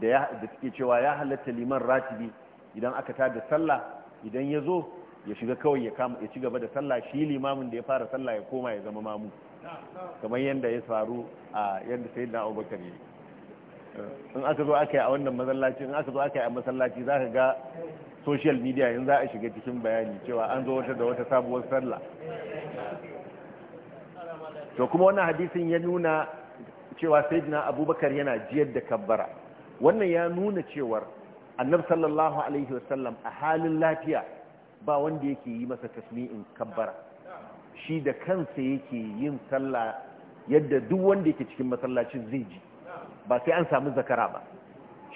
da suke cewa ya halatta liman ratibi idan aka tada sallah idan ya zo ya shiga kawai ya kama ya ci gaba da sallah shi limamin da ya fara sallah ya koma ya zama mamu kamar yadda ya faru a yadda sai da abubakar ne in aka zo aka yi a wannan masallaci in aka zo aka yi a masallaci za ka ga social media yanzu za a shiga cikin bayani cewa an zo wata da wata sabuwar sallah to kuma wannan hadisin ya nuna cewa sayyidina abubakar yana jiyar da kabbara wannan ya nuna cewar annab sallallahu alaihi wasallam a halin lafiya ba wanda yake yi masa tasmi'in kabbara shi da kansa yake yin sallah yadda duk wanda yake cikin masallacin zai ji ba sai an samu zakara ba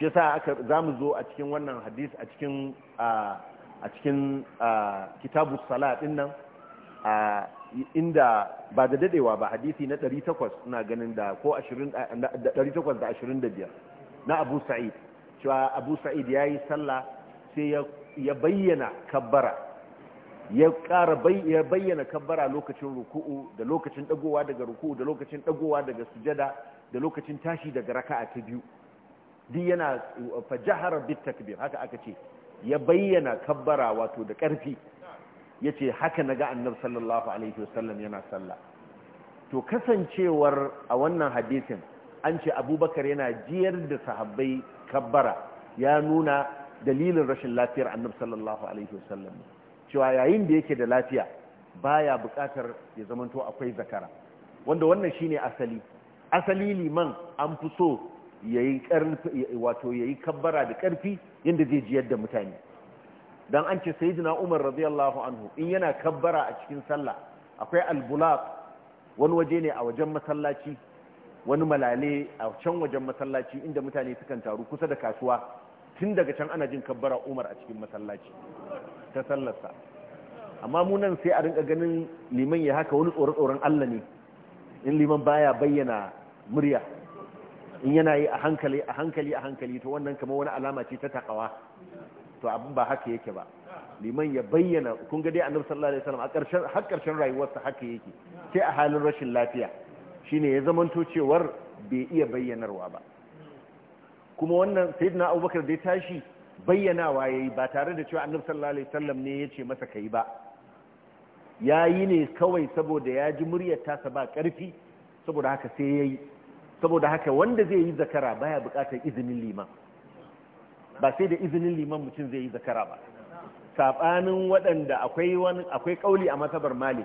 shi yasa aka zamu zo a cikin wannan hadis a cikin a cikin kitabu salat din nan inda ba da dadewa ba hadisi na 800 ina ganin da ko 20 825 na Abu Sa'id cewa Abu Sa'id yayi sallah sai ya ya bayyana kabbara ya ƙara ya bayyana kabbara lokacin ruku'u da lokacin dagowa daga ruku'u da lokacin dagowa daga sujada da lokacin tashi daga raka'a ta biyu duk yana fajahar bit takbir haka aka ce ya bayyana kabbara wato da ƙarfi yace haka naga annab sallallahu alaihi wasallam yana sallah to kasancewar a wannan hadisin an ce abubakar yana jiyar da sahabbai kabbara ya nuna dalilin rashin lafiyar annabi sallallahu alaihi wasallam cewa yayin da yake da lafiya baya buƙatar ya zamanto akwai zakara wanda wannan shine asali asali liman an fi so yayi wato yayi kabbara da ƙarfi yanda zai jiyar da mutane dan an ce sayyidina Umar radiyallahu anhu in yana kabbara a cikin sallah akwai albulaq wani waje ne a wajen masallaci wani malale a can wajen masallaci inda mutane sukan taru kusa da kasuwa tun daga can ana jin kabbara umar a cikin masallaci ta sallarsa amma mu sai a rinka ganin liman ya haka wani tsoron allah ne in liman baya bayyana murya in yana yi a hankali a hankali a hankali to wannan kamar wani alama ce ta takawa to abin ba haka yake ba liman ya bayyana kun ga dai annabi sallallahu alaihi wasallam a ƙarshen rayuwarsa haka yake sai a halin rashin lafiya shine ya zamanto cewar bai iya bayyanarwa ba kuma wannan sayyidina abubakar da ya tashi bayyanawa yayi ba tare da cewa annabi sallallahu alaihi wasallam ne yace masa kai ba yayi ne kawai saboda ya ji muryar sa ba karfi saboda haka sai yayi saboda haka wanda zai yi zakara baya bukatar izinin liman ba sai da izinin liman mutum zai yi zakara ba sabanin waɗanda akwai wani akwai kauli a masabar mali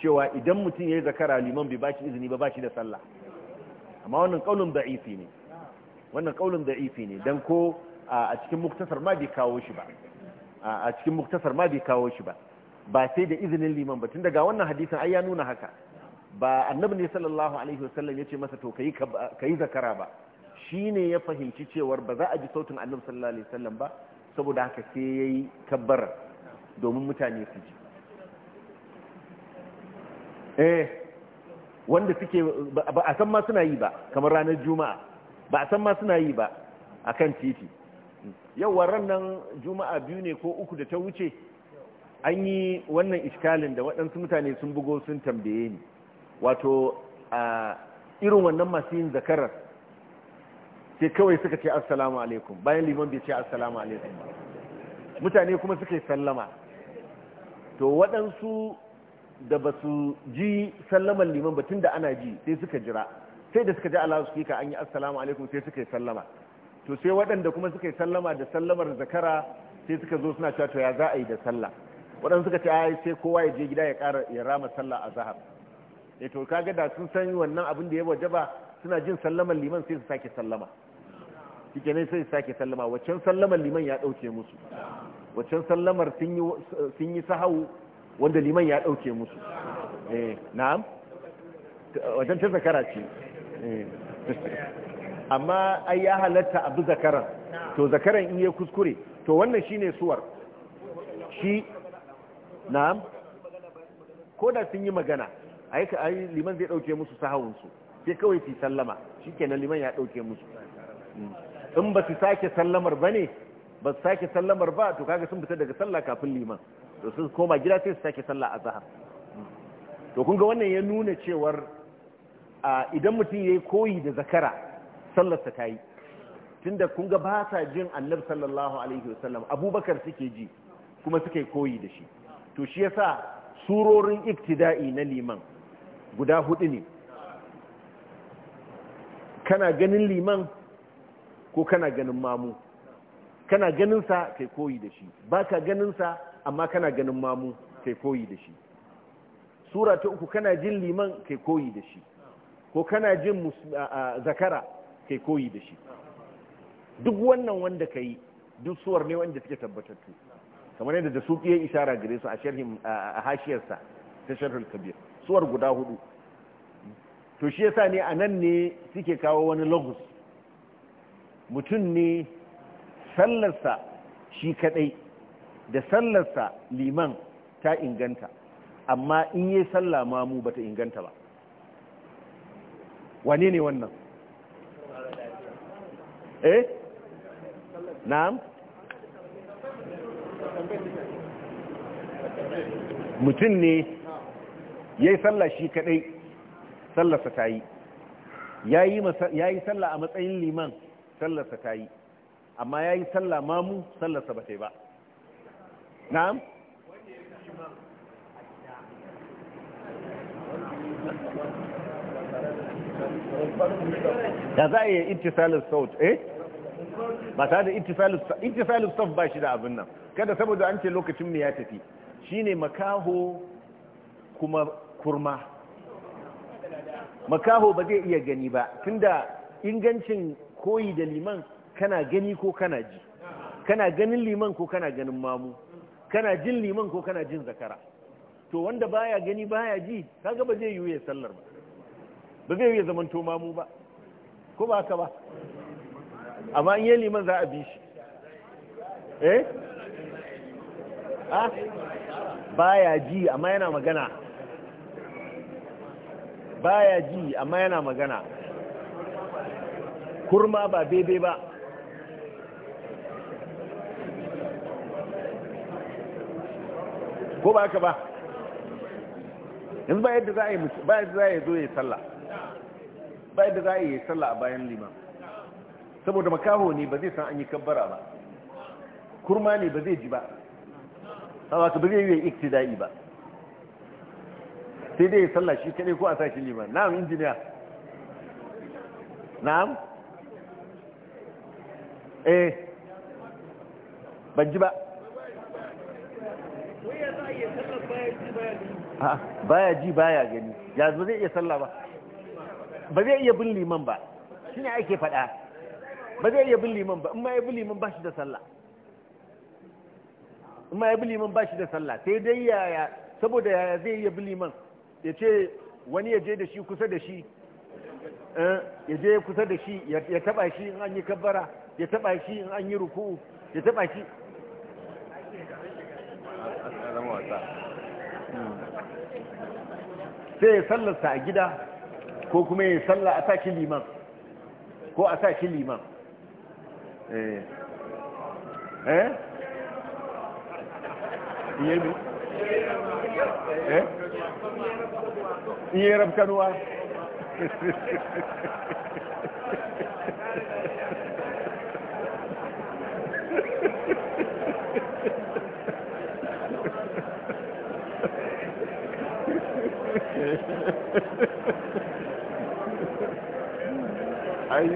cewa idan mutum ya yi zakara liman bai shi izini ba baki da sallah amma wannan kaulin da'ifi ne wannan kaulin ifi ne don ko a cikin muktasar ma bai kawo shi ba a cikin muktasar ma bai kawo shi ba ba sai da izinin liman ba tun daga wannan hadisin ai ya nuna haka ba annabi ne sallallahu alaihi wasallam yace masa to kai kai zakara ba shine ya fahimci cewar ba za a ji sautin annabi sallallahu alaihi wasallam ba saboda haka sai yayi kabbara domin mutane su ji eh wanda suke ba a san ma suna yi ba kamar ranar juma'a ba a san ma suna yi ba a kan titi yau waran nan juma'a biyu ne ko uku da ta wuce an yi wannan iskalin da waɗansu mutane sun bugo sun tambaye ni wato a irin wannan masu yin zakarar sai kawai suka ce assalamu alaikum bayan liman bai ce assalamu alaikum mutane kuma suka yi sallama to waɗansu da ba su ji sallaman liman ba tun da ana ji sai suka jira sai da suka ji Allah su an yi assalamu alaikum sai suka yi sallama to sai waɗanda kuma suka yi sallama da sallamar zakara sai suka zo suna cewa ya za a yi da sallah waɗanda suka ce ai sai kowa ya je gida ya ƙara ya rama sallah a zahar eh to kaga da sun san wannan abin da ya wajaba suna jin sallamar liman sai su sake sallama shike ne sai su sake sallama waccan sallamar liman ya ɗauke musu waccan sallamar sun yi sun yi sahau wanda liman ya ɗauke musu eh na'am wajen ta zakara ce Eh. amma ai ya halatta abu zakaran to zakaran in ya kuskure to wannan shine suwar shi na'am ko da sun yi magana ai ka ai liman zai dauke musu sahawunsu sai kawai su sallama shikenan liman ya dauke musu hmm. in ba su sake sallamar bane ba su sake sallamar ba to kaga sun fita daga sallah kafin liman to sun koma gida sai su sake sallah a zahar hmm. to kun ga wannan ya nuna cewar idan mutum ya yi koyi da zakara sallarsa ta yi tun da kunga ba sa jin annab sallallahu alaihi wasallam abubakar suke ji kuma suke koyi da shi to shi ya sa surorin iktida'i na liman guda hudu ne kana ganin liman ko kana ganin mamu kana ganinsa kai koyi da shi ba ka ganinsa amma kana ganin mamu kai koyi da shi sura ta uku kana jin liman kai koyi da shi ko kana jin zakara kai koyi da shi duk wannan wanda ka yi duk suwar ne wanda suke tabbatattu kamar yadda da su iya ishara gare su a sharhin a hashiyarsa ta sharhul kabir suwar guda hudu to shi yasa ne a nan ne suke kawo wani logos mutum ne sallarsa shi kadai da sallarsa liman ta inganta amma in yi sallama mamu bata inganta ba wane ne wannan eh na'am mutum ne ya yi sallah shi kadai sallarsa ta yi ya yi sallah a matsayin liman sallarsa ta yi amma ya yi sallah mamu sallarsa ba ta yi ba na'am da za a yi ittisalin saut eh ba tare da ittisalin saut ba shi da abin nan kada saboda an ce lokacin mu ya tafi shine makaho kuma kurma makaho ba zai iya gani ba tunda ingancin koyi da liman kana gani ko kana ji kana ganin liman ko kana ganin mamu kana jin liman ko kana jin zakara to wanda baya gani baya ji kaga ba zai yiwu sallar ba ba zai iya zaman to mamu ba ko ba haka ba amma in yi liman za a bi shi eh ah baya ji amma yana magana baya ji amma yana magana kurma ba daidai ba ko ba haka ba yanzu ba yadda za a yi zo ya sallah ba da za a yi sallah a bayan liman saboda makaho ne ba zai san an yi kabbara ba kurma ne ba zai ji ba wato ba zai yi iktida'i ba sai dai ya sallah shi kadai ko a sashi liman na'am injiniya na'am eh ban ji ba baya ji baya gani ya zo zai iya sallah ba ba zai iya bin liman ba shi ne ake faɗa ba zai iya bin liman ba in ma ya bin liman ba shi da sallah in ma ya bin liman ba shi da sallah sai dai yaya saboda yaya zai iya bin liman ya ce wani ya je da shi kusa da shi eh, ya je kusa da shi ya taba shi in an yi kabbara ya taba shi in an yi ruku ya taba shi hmm. sai ya sallarsa a gida ko kuma yin salla a sa liman ko a sa liman eh eh mi eh ha, ha. وصلى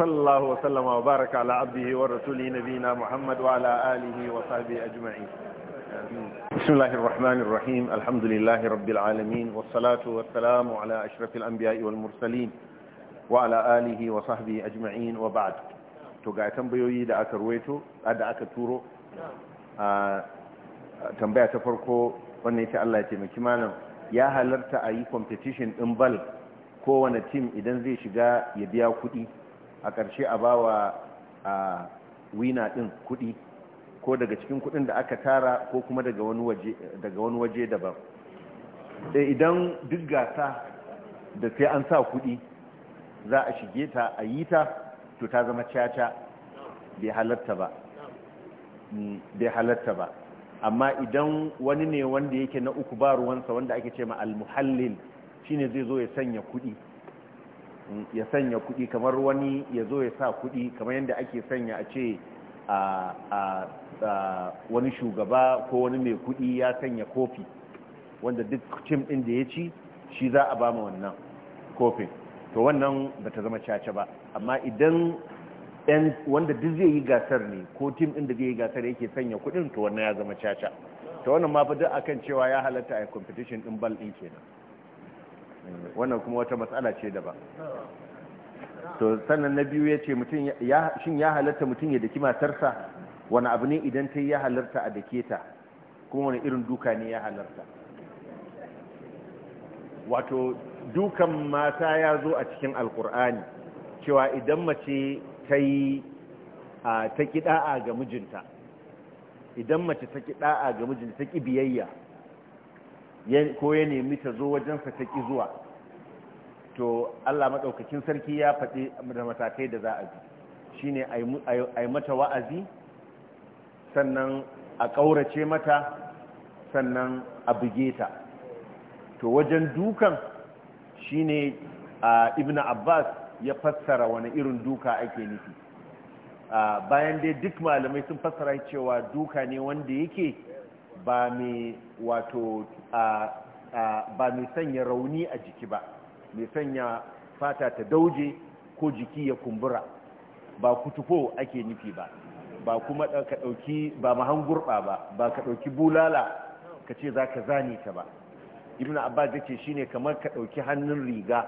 الله وسلم وبارك على عبده ورسوله نبينا محمد وعلى آله وصحبه أجمعين بسم الله الرحمن الرحيم الحمد لله رب العالمين والصلاة والسلام على أشرف الأنبياء والمرسلين وعلى آله وصحبه أجمعين وبعد to ga tambayoyi da aka ruwaito da aka turo a tambaya ta farko wannan ta Allah ya taimaki malam ya halarta a yi competition din bal kowane team idan zai shiga ya biya kuɗi a ƙarshe a bawa a wina din kuɗi ko daga cikin kuɗin da aka tara ko kuma daga wani waje daga wani waje daban eh, idan duk gasa da sai an sa kuɗi za a shige ta a yi ta to ta zama caca bai halatta ba bai halatta ba amma idan wani ne wanda yake na uku ba ruwansa wanda ake ce ma almuhallil shine zai zo ya sanya kuɗi ya sanya kudi kamar wani ya zo ya sa kuɗi kamar yadda ake sanya a ce a wani shugaba ko wani mai kuɗi ya sanya kofi wanda duk tim ɗin da ya ci shi za a ba ma wannan kofin to wannan ba ta zama caca ba amma idan wanda duk zai yi gasar ne ko tim din da zai yi gasar yake sanya kudin to wannan ya zama caca ta wannan ma fa duk akan cewa ya halatta a competition din bal din kenan eh, wannan kuma wata matsala ce da ba to sannan na biyu yace mutum ya shin ya halatta mutum ya daki matarsa wani abu ne idan ta ya halarta a dake ta kuma wani irin duka ne ya halarta wato dukan mata ya zo a cikin alkur'ani cewa idan mace ta yi ta ga mijinta idan mace ta ɗa'a ga mijinta ta ki biyayya ko ya nemi ta zo wajensa ta ki zuwa to Allah madaukakin sarki ya faɗi da matakai da za a bi shine ai mata wa'azi sannan a ƙaurace mata sannan a buge ta to wajen dukan shine ibn Abbas ya fassara wani irin duka ake nufi bayan dai duk malamai sun fassara cewa duka ne wanda yake ba mai wato ba mai sanya rauni a jiki ba mai sanya fata ta dauje ko jiki ya kumbura ba kutufo ake nufi ba ba kuma ka ɗauki ba mahangurɓa ba ba ka ɗauki bulala ka ce za ka zane ta ba ibn abbas ya ce shine kamar ka ɗauki hannun riga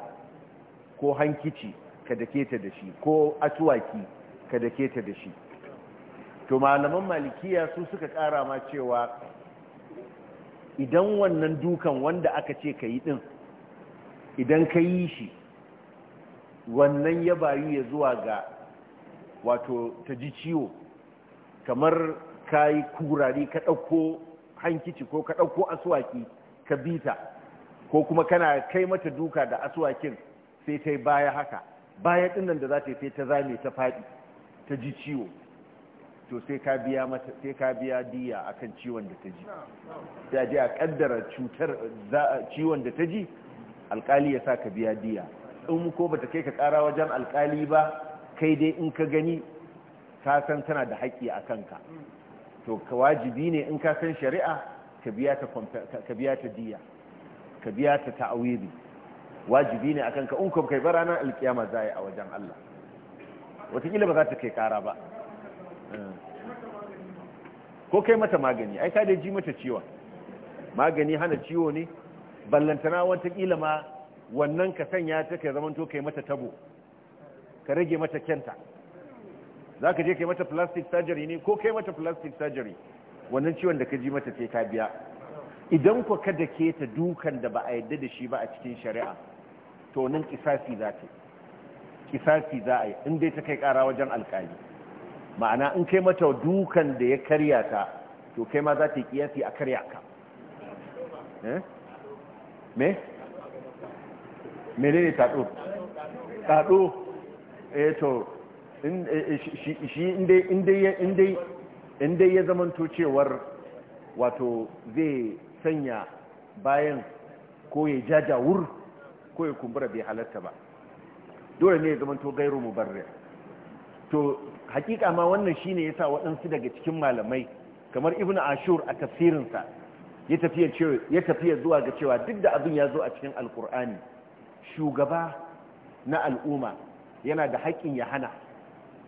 ko hankici ka dake ta da shi ko atuwaki ka dake ta da shi to malaman malikiya su suka kara ma cewa idan wannan dukan wanda aka ce ka yi din idan ka yi shi wannan ya bayu ya zuwa ga wato ta ji ciwo kamar ka yi kurari ka ɗauko hankici ko ka ɗauko asuwaki ka bita ko kuma kana kai mata duka da asuwakin sai ta yi baya haka baya ɗin nan da za ta yi ta zame ta faɗi ta ji ciwo to sai ka biya mata sai ka diya ciwon da ta ji ta ji a ƙaddara cutar ciwon da ta ji alkali ya sa ka biya diya in ko ta kai ka ƙara wajen alkali ba kai dai in ka gani ka san tana da haƙƙi a kanka to ka wajibi ne in ka san shari'a ka biya ta diya ka biya ta ta'awiri. wajibi ne akan ka in ko kai barana alkiyama za a yi a wajen Allah wataƙila ba za ta kai kara ba ko kai mata magani ai ka dai ji mata ciwon magani hana ciwo ne ballantana wataƙila ma wannan ka sanya ta kai to kai mata tabo ka rage mata kenta za ka je kai mata plastic surgery ne ko kai mata plastic surgery wannan ciwon da ka ji mata sai ka biya idan ku kada ke ta dukan da ba a yadda da shi ba a cikin shari'a to nan kisasi za ta kisasi za a yi in dai ta kai kara wajen alkali ma'ana in kai mata dukan da ya karya ta to kai ma za ta yi kiyasi a karya ka eh? me? mene ne taɗo? taɗo eh to eh, shi inda ya zamanto cewar wato zai sanya bayan ko ya jajawur ko ya kumbura bai halarta ba dole ne ya zama to gairu mubarrir to hakika ma wannan shine yasa waɗansu daga cikin malamai kamar ibnu ashur a tafsirinsa ya tafiya cewa ya tafiya zuwa ga cewa duk da abin ya zo a cikin alkur'ani shugaba na al'umma yana da haƙƙin ya hana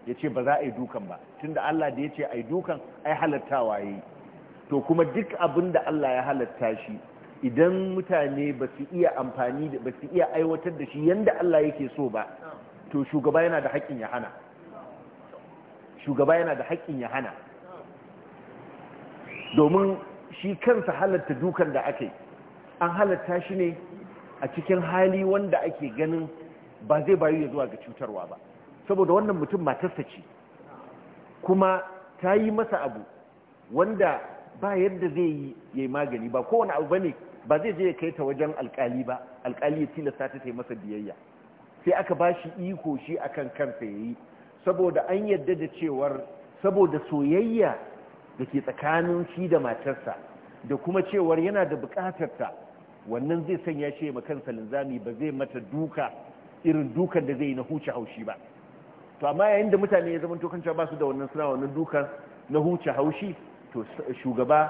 ya ce ba za a yi dukan ba tunda Allah da ya ce a yi dukan a yi halatta waye to kuma duk abin da Allah ya halatta shi idan mutane ba su iya amfani da ba su iya aiwatar da shi yadda Allah yake so ba to shugaba yana da haƙƙin ya hana shugaba yana da haƙƙin ya hana domin shi kansa halatta dukan da ake an halatta shi ne a cikin hali wanda ake ganin ba zai bayu ya zuwa ga cutarwa ba saboda wannan mutum matarsa ce kuma ta yi masa abu wanda ba yadda zai yi ya yi magani ba kowane abu ba ne ba zai je ya kai ta wajen alkali ba alkali ya tilasta ta ta yi masa biyayya sai aka ba shi iko shi akan kansa ya yi saboda an yadda da cewar saboda soyayya da ke tsakanin shi da matarsa da kuma cewar yana da bukatarta wannan zai sanya shi ma kansa linzami ba zai mata duka irin dukan da zai yi na huce haushi ba to amma yayin da mutane ya zama to ba su da wannan suna wannan dukan na huce haushi to shugaba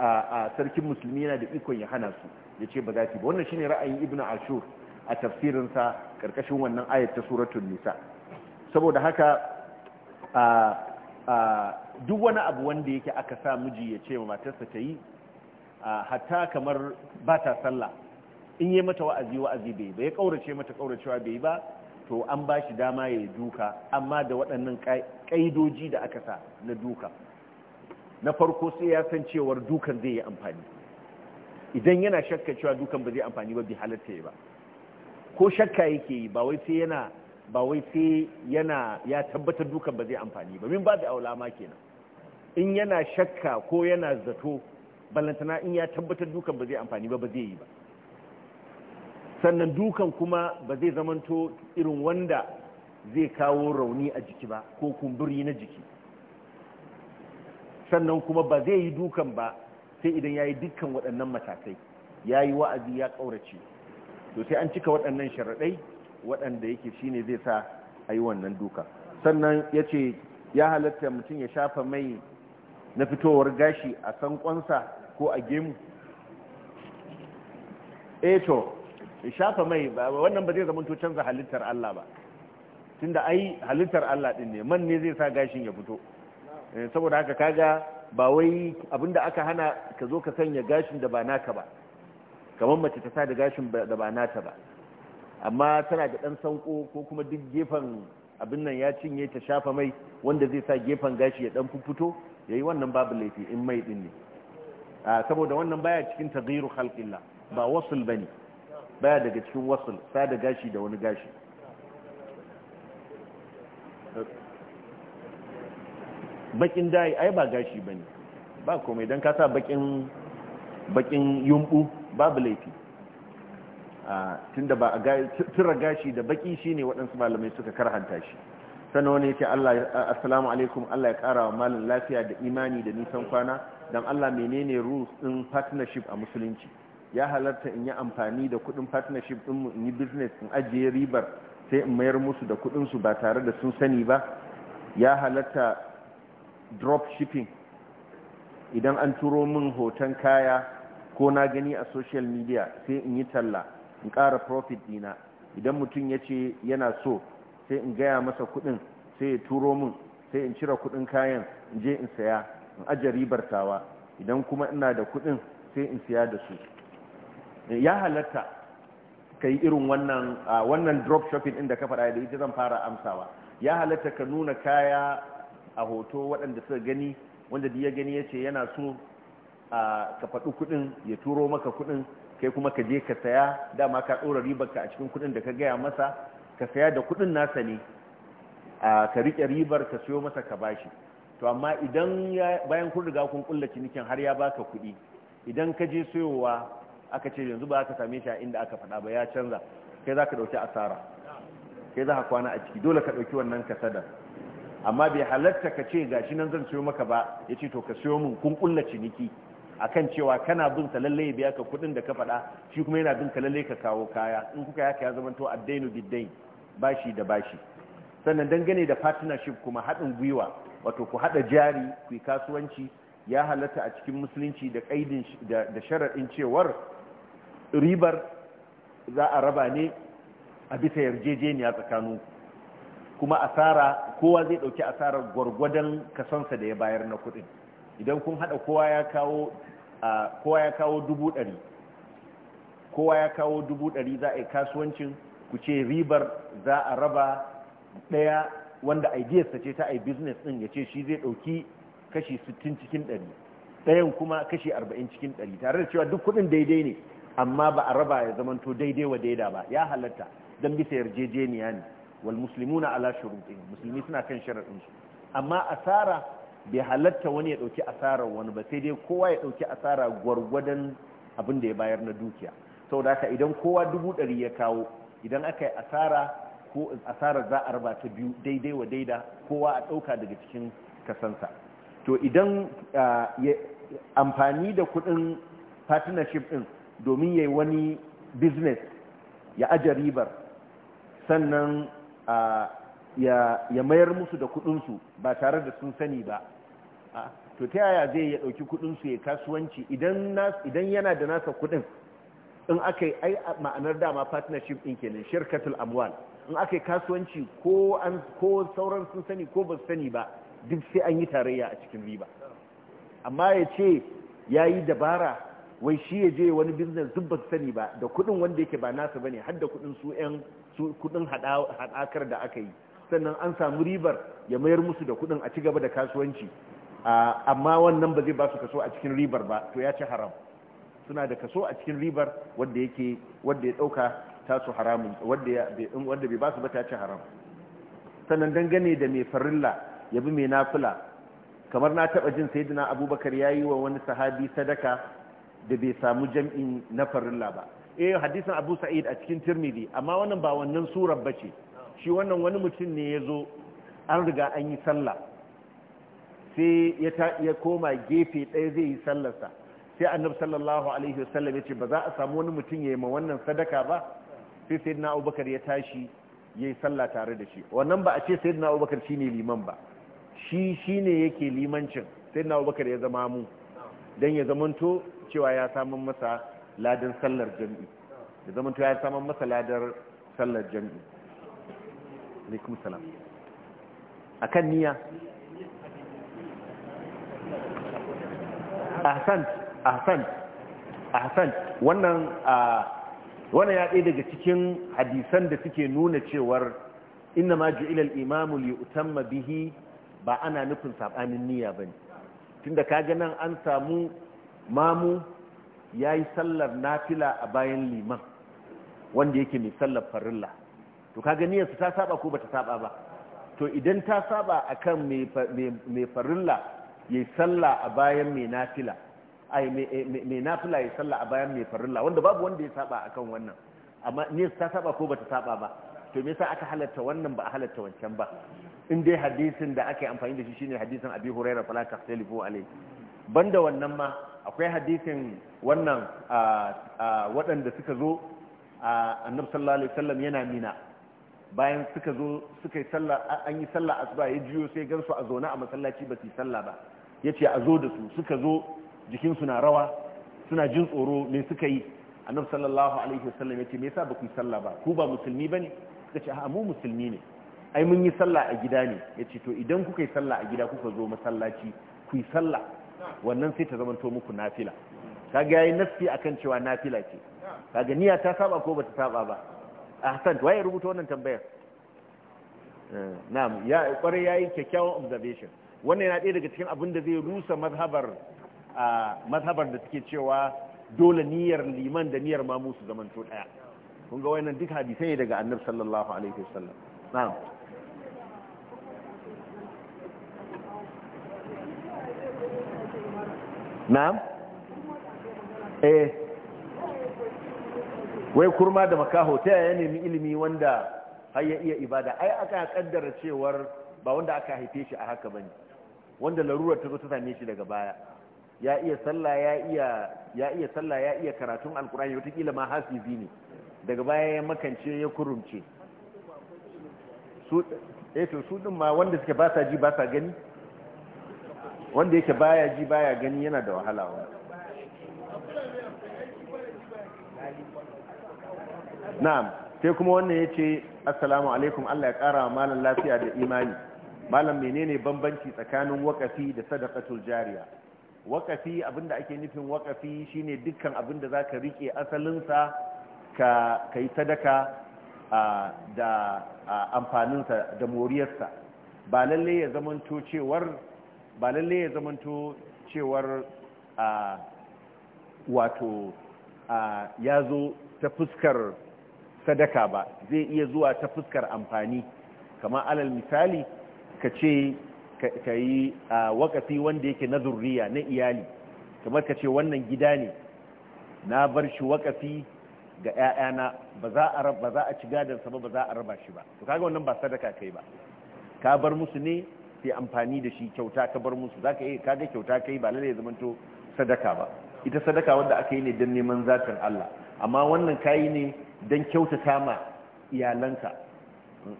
a sarkin musulmi yana da ikon ya hana su ya ce ba za su ba wannan shi ne ra'ayin Ibn ashur a tafsirinsa karkashin wannan ayat ta suratun nisa saboda haka duk wani abu wanda yake aka sa miji ya ce matarsa ta yi hatta kamar ba ta sallah in yi mata wa'azi wa'azi bai ba ya kaurace mata kauracewa bai ba to an ba shi dama ya duka amma da waɗannan ƙaidoji da aka sa na duka na farko sai ya san cewar dukan zai yi amfani idan yana shakka cewa dukan ba zai amfani ba bi halatta ba ko shakka yake yi ba wai sai yana ba wai sai yana ya tabbatar dukan ba zai amfani ba min ba da aulama kenan in yana shakka ko yana zato balantana in ya tabbatar dukan ba zai amfani ba ba zai yi ba sannan dukan kuma ba zai zamanto irin wanda zai kawo rauni a jiki ba ko kumburi na jiki sannan kuma ba zai yi dukan ba sai idan ya yi dukkan waɗannan matakai ya yi wa'azi ya ƙaurace to sai an cika waɗannan sharaɗai waɗanda yake shi ne zai sa a yi wannan duka sannan ya ce ya halatta mutum ya shafa mai na fitowar gashi a sankonsa ko a gemu E to shafa mai wannan ba zai zama to canza halittar Allah ba tunda ai halittar Allah ɗin ne man ne zai sa gashin ya fito Eh, saboda haka kaga ba wai abinda aka hana ka zo ka sanya gashin da ba naka ba kamar mace ta sa da gashin da ba nata ba amma tana da ɗan sanko ko kuma duk gefen abin nan ya cinye ta shafa mai wanda zai sa gefen gashi ya dan fito yayi wannan babu laifi in mai din ne a ah, saboda wannan baya cikin tagiru khalqillah ba wasul bani baya daga cikin wasul sa da gashi da wani gashi bakin dai ai ba gashi bane ba komai dan ka sa bakin bakin yumbu babu laifi a tunda ba a tura gashi da baki shine waɗansu malamai suka karhanta shi sannan wani yake Allah assalamu alaikum Allah ya kara wa malin lafiya da imani da nisan kwana dan Allah menene rules din partnership a musulunci ya halarta in yi amfani da kudin partnership din mu in yi business in ajiye ribar sai in mayar musu da kudin su ba tare da sun sani ba ya halarta drop shipping idan an turo min hoton kaya ko na gani a social media sai in yi talla in ƙara profit dina idan mutum ya ce yana so sai in gaya masa kuɗin sai ya turo min sai in cire kuɗin kayan in je in saya in aje ribar tawa idan kuma ina da kuɗin sai in siya da su ya halatta ka yi irin wannan wannan drop shopping inda ka faɗa da ita zan fara amsawa ya halatta ka nuna kaya a hoto waɗanda suka gani wanda ya gani ya ce yana so a ka faɗi kuɗin ya turo maka kuɗin kai kuma ka je ka saya dama ka ɗora ribar ka a cikin kuɗin da ka gaya masa ka saya da kuɗin nasa ne ka riƙe ribar ka siyo masa ka bashi to amma idan bayan kun riga kun kulla cinikin har ya baka kuɗi idan ka je soyowa aka ce yanzu ba ka same shi a inda aka faɗa ba ya canza kai za ka ɗauki asara kai za ka kwana a ciki dole ka ɗauki wannan kasadar amma bai halarta ka ce ga shi nan zan siyo maka ba ya ce to ka siyo min kun kulla ciniki a kan cewa kana bin ka lalle ya biya ka kuɗin da ka faɗa shi kuma yana bin ka lalle ka kawo kaya in kuka yaka ya zamanto a addainu biddain bashi da bashi sannan dangane da partnership kuma haɗin gwiwa wato ku haɗa jari ku kasuwanci ya halatta a cikin musulunci da ƙaidin da sharaɗin cewar ribar za a raba ne a bisa yarjejeniya tsakaninku kuma asara kowa zai ɗauki asarar gwargwadon kasansa da ya bayar na kuɗin idan kun haɗa kowa ya kawo kowa ya kawo dubu ɗari kowa ya kawo dubu ɗari za a yi kasuwancin ku ce ribar za a raba ɗaya wanda idearsa ce ta a yi business din ya ce shi zai ɗauki kashi 60 cikin ɗari ɗayan kuma kashi 40 cikin ɗari tare da cewa duk kuɗin daidai ne amma ba a raba ya zamanto daidai wa daida ba ya halatta don bisa yarjejeniya ne wal muslimuna ala shurutihim musulmi suna kan sharadin su amma asara bai halatta wani ya dauki asara wani ba sai dai kowa ya dauki asara gwargwadon abin da ya bayar na dukiya saboda haka idan kowa dubu ɗari ya kawo idan aka yi asara ko asara za a raba ta biyu daidai wa daida kowa a ɗauka daga cikin kasansa to idan amfani da kudin partnership ɗin domin yayi wani business ya aje ribar sannan ya mayar musu da kudinsu ba tare da sun sani ba to ta yaya zai ya dauki kudinsu ya kasuwanci idan yana da nasa kudin in aka yi ai ma'anar dama partnership ɗin kenan shirkatul amwal in aka yi kasuwanci ko an sauran sun sani ko ba sani ba duk sai an yi tarayya a cikin riba amma ya ce ya yi dabara wai shi ya je wani business duk ba sani ba da kudin wanda yake ba nasa bane har da kudin su 'yan kudin haɗakar da aka yi sannan an samu ribar ya mayar musu da kudin a ci gaba da kasuwanci amma wannan ba zai ba su kaso a cikin ribar ba to ya ci haram suna da kaso a cikin ribar wanda yake wadda ya dauka haramun wanda bai ba su ba ta ci haram sannan dangane da mai farilla ya bi mai nafila kamar na taɓa jin sayyidina abubakar ya yi wa wani sahabi sadaka da bai samu jam'in na farilla ba eh hadisin abu sa'id a cikin tirmidhi amma wannan ba wannan surar bace shi wannan wani mutum ne yazo an riga an yi sallah sai ya koma gefe ɗaya zai yi sallar sa sai annabi sallallahu alaihi wasallam ya ce ba za a samu wani mutum ya yi ma wannan sadaka ba sai sayyidina abubakar ya tashi yayi sallah tare da shi wannan ba a ce sayyidina abubakar shine liman ba shi shine yake limancin sayyidina abubakar ya zama mu dan ya zamanto cewa ya samun masa Ladin sallar jami'i da zaman to ya saman masa ladar sallar jam'i alaikum salam a niyya niya ahsan ahsan wannan wannan ya ɗaya daga cikin hadisan da suke nuna cewar inna ma ju'ila al-imamu li utamma bihi ba ana nufin sabanin niyya bane tunda kaga nan an samu mamu ya yi sallar nafila a bayan liman wanda yake mai sallar farilla to kaga niyarsa ta saba ko bata saba ba to idan ta saba akan mai farilla yi salla a bayan mai nafila ai mai nafila yi salla a bayan mai farilla wanda babu wanda ya saba akan wannan amma niyarsa ta saba ko bata saba ba to me yasa aka halatta wannan ba a halatta wancan ba in dai hadisin da ake amfani da shi shine hadisin Abi Hurairah fala tahtalifu alayhi banda wannan ma akwai hadisin wannan waɗanda suka zo annab sallallahu alaihi wasallam yana mina bayan suka zo suka yi sallah an yi sallah asuba ya jiyo sai gansu a zaune a masallaci ba su yi sallah ba ya ce a zo da su suka zo jikin suna na rawa suna jin tsoro ne suka yi annab sallallahu alaihi wasallam ce me yasa ba ku yi sallah ba ku ba musulmi bane suka ce a mu musulmi ne ai mun yi sallah a gida ne ya ce to idan kuka yi sallah a gida kuka zo masallaci ku yi sallah wannan sai ta zama to muku nafila kaga yayi nafsi akan cewa nafila ce kaga niyya ta saba ko bata saba ba ahsan waye rubuta wannan tambayar eh, na'am ya kware yayi kyakkyawan observation wannan yana ɗaya daga cikin abin da zai rusa mazhabar mazhabar da take cewa dole niyyar liman da niyyar mamu su zamanto daya kun ga wayannan duk hadisai daga annabi sallallahu alaihi wasallam na'am na'am eh wai kurma da makaho ta yaya nemi ilimi wanda har ya iya ibada ai aka kaddara cewar ba wanda aka haife shi a haka bane wanda larura ta zo ta same shi daga baya ya iya sallah ya iya ya iya sallah ya iya karatun alkurani wataƙila ma hafizi ne daga baya ya makance ya kurumce su eh to su din ma wanda suke ba sa ji ba sa gani wanda yake baya ji baya gani yana da wahala na'am sai kuma wannan ya ce assalamu alaikum allah ya kara wa malam lafiya da imani malam menene bambanci tsakanin wakafi da sadaqatul jariya wakafi abinda ake nufin wakafi shine dukkan abinda zaka rike asalinsa ka kai sadaka da amfaninsa da moriyarsa ba lallai ya zamanto cewar ba lalle ya zamanto cewar a wato ya zo ta fuskar sadaka ba zai iya zuwa ta fuskar amfani kama alal misali ka ce ka yi wakafi wanda yake na zurriya na iyali kamar ka ce wannan gida ne na bar shi wakafi ga 'ya'yana ba za a ci gadansa ba ba za a raba shi ba to kaga wannan ba sadaka kai ba ka bar musu ne sai amfani da shi kyauta ka bar musu za ka iya kaga kyauta kai ba lalai ya to sadaka ba ita sadaka wanda aka yi ne don neman zatar Allah amma wannan ka yi ne don kyautata ma iyalanka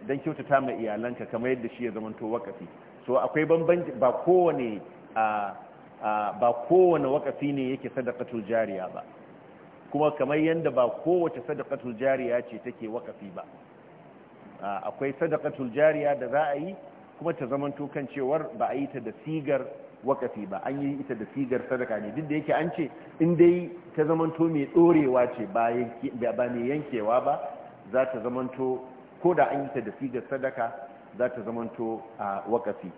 don kyautata ma iyalanka kamar yadda shi ya to wakafi so akwai bambanci ba kowane ba kowane wakafi ne yake sadaqatul jariya ba kuma kamar yadda ba kowace sadaqatul jariya ce take wakafi ba akwai sadakatun jariya da za a yi kuma ta zamanto kan cewar ba a yi ta da sigar wakafi ba an yi ita da sigar sadaka ne duk da yake an ce in dai ta zamanto mai dorewa ce ba mai yankewa ba za ta to ko da an yi ta da sigar sadaka za ta zamanto a wakafi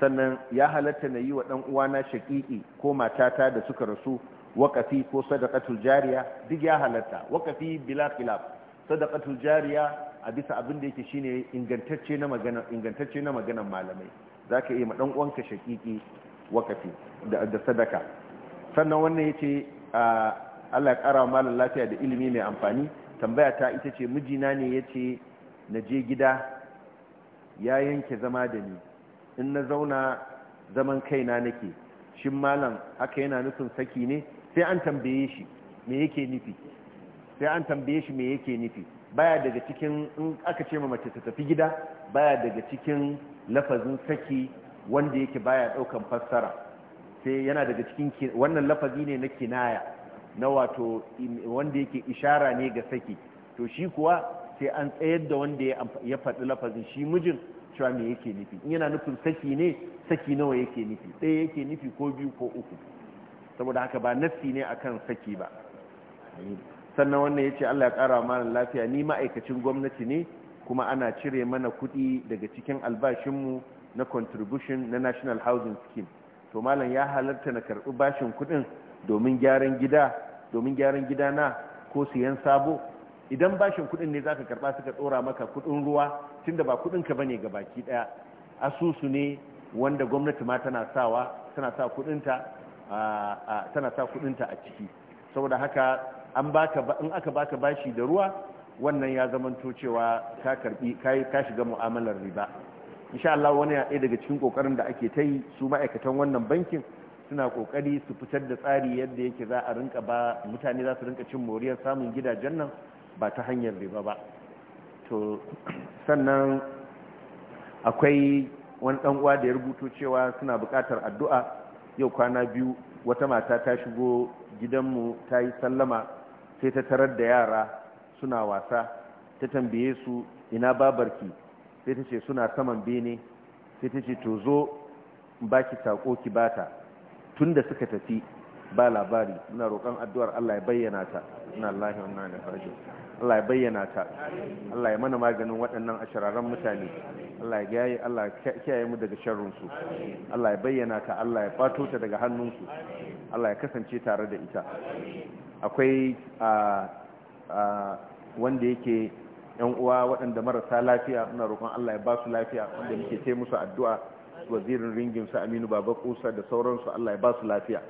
sannan ya halatta na yi wa ɗan uwana shaƙiƙi ko matata da suka rasu wakafi ko sadaka jariya duk ya halatta wakafi bila khilaf sadaqatul jariya a bisa abin da yake shine ingantacce na magana ingantacce na maganan malamai zaka yi ma dan uwanka shakiki wakafi da da sadaka sannan wannan yace Allah ya kara malam lafiya da ilimi mai amfani tambaya ta ita ce mijina ne yace na je gida ya yanke zama da ni in na zauna zaman kaina nake shin malam haka yana nufin saki ne sai an tambaye shi me yake nufi sai an tambaye shi me yake nufi baya daga cikin in aka ce ma mace ta tafi gida baya daga cikin lafazin saki wanda yake baya daukan fassara sai yana daga cikin wannan lafazi ne na kinaya na wato wanda yake ishara ne ga saki to shi kuwa sai an tsayar da wanda ya faɗi lafazin shi mijin cewa me yake nufi in yana nufin saki ne saki nawa yake nufi ɗaya yake nufi ko biyu ko uku saboda haka ba nassi ne akan saki ba sannan wannan ya ce allah ya ƙara mana lafiya ni ma'aikacin gwamnati ne kuma ana cire mana kuɗi daga cikin albashinmu na contribution na national housing scheme to malam ya halarta na karɓi bashin kuɗin domin gyaran gida domin gyaran gida na ko siyan sabo idan bashin kuɗin ne za ka karɓa suka ɗora maka kuɗin ruwa tunda ba kuɗin ka bane baki ɗaya asusu ne wanda gwamnati ma tana sawa tana sa kuɗinta a ciki saboda haka an baka in aka baka bashi da ruwa wannan ya zamanto cewa ka karbi ka shiga mu'amalar riba insha Allah wani ya daga cikin kokarin da ake ta yi su ma'aikatan wannan bankin suna kokari su fitar da tsari yadda yake za a rinka ba mutane za su rinka cin moriyar samun gidajen nan ba ta hanyar riba ba to sannan akwai wani dan uwa da ya rubuto cewa suna buƙatar addu'a yau kwana biyu wata mata ta shigo gidanmu ta yi sallama sai ta tarar da yara suna wasa ta tambaye su ina babarki sai ta ce suna saman bene sai ta ce to zo baki sako ki bata tunda suka tafi ba labari muna roƙon addu'ar Allah ya bayyana ta suna Allah ya inna da raji'un Allah ya bayyana ta Allah ya mana maganin waɗannan a shararren mutane Allah ya gaya Allah ya kiyaye mu daga sharrunsu Allah ya bayyana ta Allah ya fato ta daga hannunsu Allah ya kasance tare da ita akwai wanda yake yan uwa waɗanda marasa lafiya suna roƙon Allah ya ba su lafiya wanda muke ce musu addu'a wazirin ringin su Aminu Baba Kusa da sauransu Allah ya ba su lafiya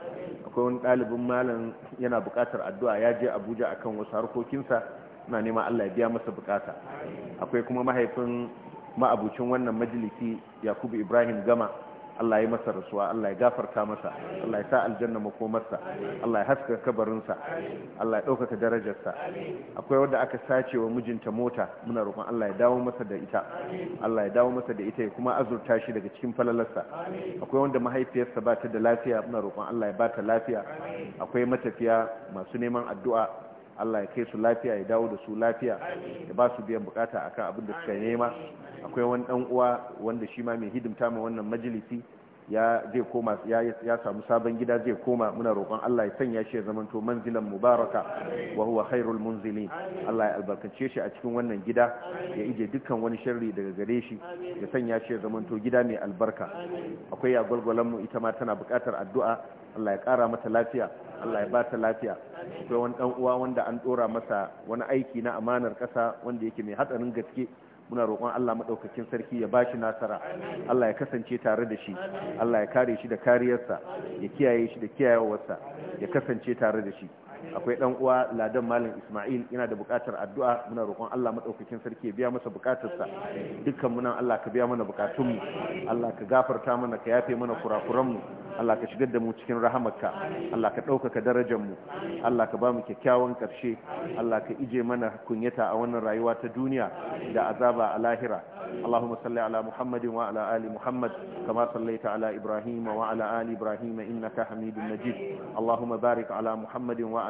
akwai wani ɗalibin malam yana buƙatar addu'a ya je Abuja akan wasu harkokinsa ina neman Allah ya biya masa buƙata akwai kuma mahaifin ma'abucin wannan majalisi Yakubu Ibrahim Gama Allah ya masa rasuwa Allah ya gafarta masa Allah ya sa aljanna makomarsa Allah ya haska kabarinsa Allah ya ɗaukaka darajarsa akwai wanda aka sace wa mijinta mota muna roƙon Allah ya dawo masa da ita Allah ya dawo masa da ita ya kuma azurta shi daga cikin falalarsa akwai wanda mahaifiyarsa ba ta da lafiya muna roƙon Allah ya ba ta lafiya akwai matafiya masu neman addu'a Allah ya kai su lafiya ya dawo da su lafiya ya ba su biyan bukata akan abin da suka nema akwai wani dan uwa wanda shi ma mai hidimta ma wannan majalisi ya zai koma ya samu sabon gida zai koma muna roƙon Allah ya sanya shi ya zamanto manzilan mubaraka wa huwa khairul munzilin Allah ya albarkace shi a cikin wannan gida ya ije dukkan wani sharri daga gare shi ya sanya shi ya zamanto gida mai albarka akwai ya gwalgwalan mu ita ma tana buƙatar addu'a Allah ya ƙara mata lafiya Allah ya ba ta lafiya akwai wani dan uwa wanda an dora masa wani aiki na amanar ƙasa wanda yake mai hatsarin gaske muna roƙon Allah maɗaukakin sarki ya ba shi nasara Allah ya kasance tare da shi Allah ya kare shi da kariyarsa ya kiyaye shi da kiyayewarsa ya kasance tare da shi akwai dan uwa ladan malam Ismail yana da bukatar addu'a muna roƙon Allah madaukakin sarki ya biya masa bukatarsa dukkan na Allah ka biya mana bukatun mu Allah ka gafarta mana ka yafe mana kurakuran mu Allah ka shigar da mu cikin rahamarka Allah ka ɗaukaka darajar mu Allah ka ba mu kyakkyawan ƙarshe Allah ka ije mana kunyata a wannan rayuwa ta duniya da azaba a lahira Allahumma salli ala Muhammadin wa ala ali Muhammad kama sallaita ala Ibrahim wa ala ali Ibrahim innaka Hamidum Majid Allahumma barik ala Muhammadin wa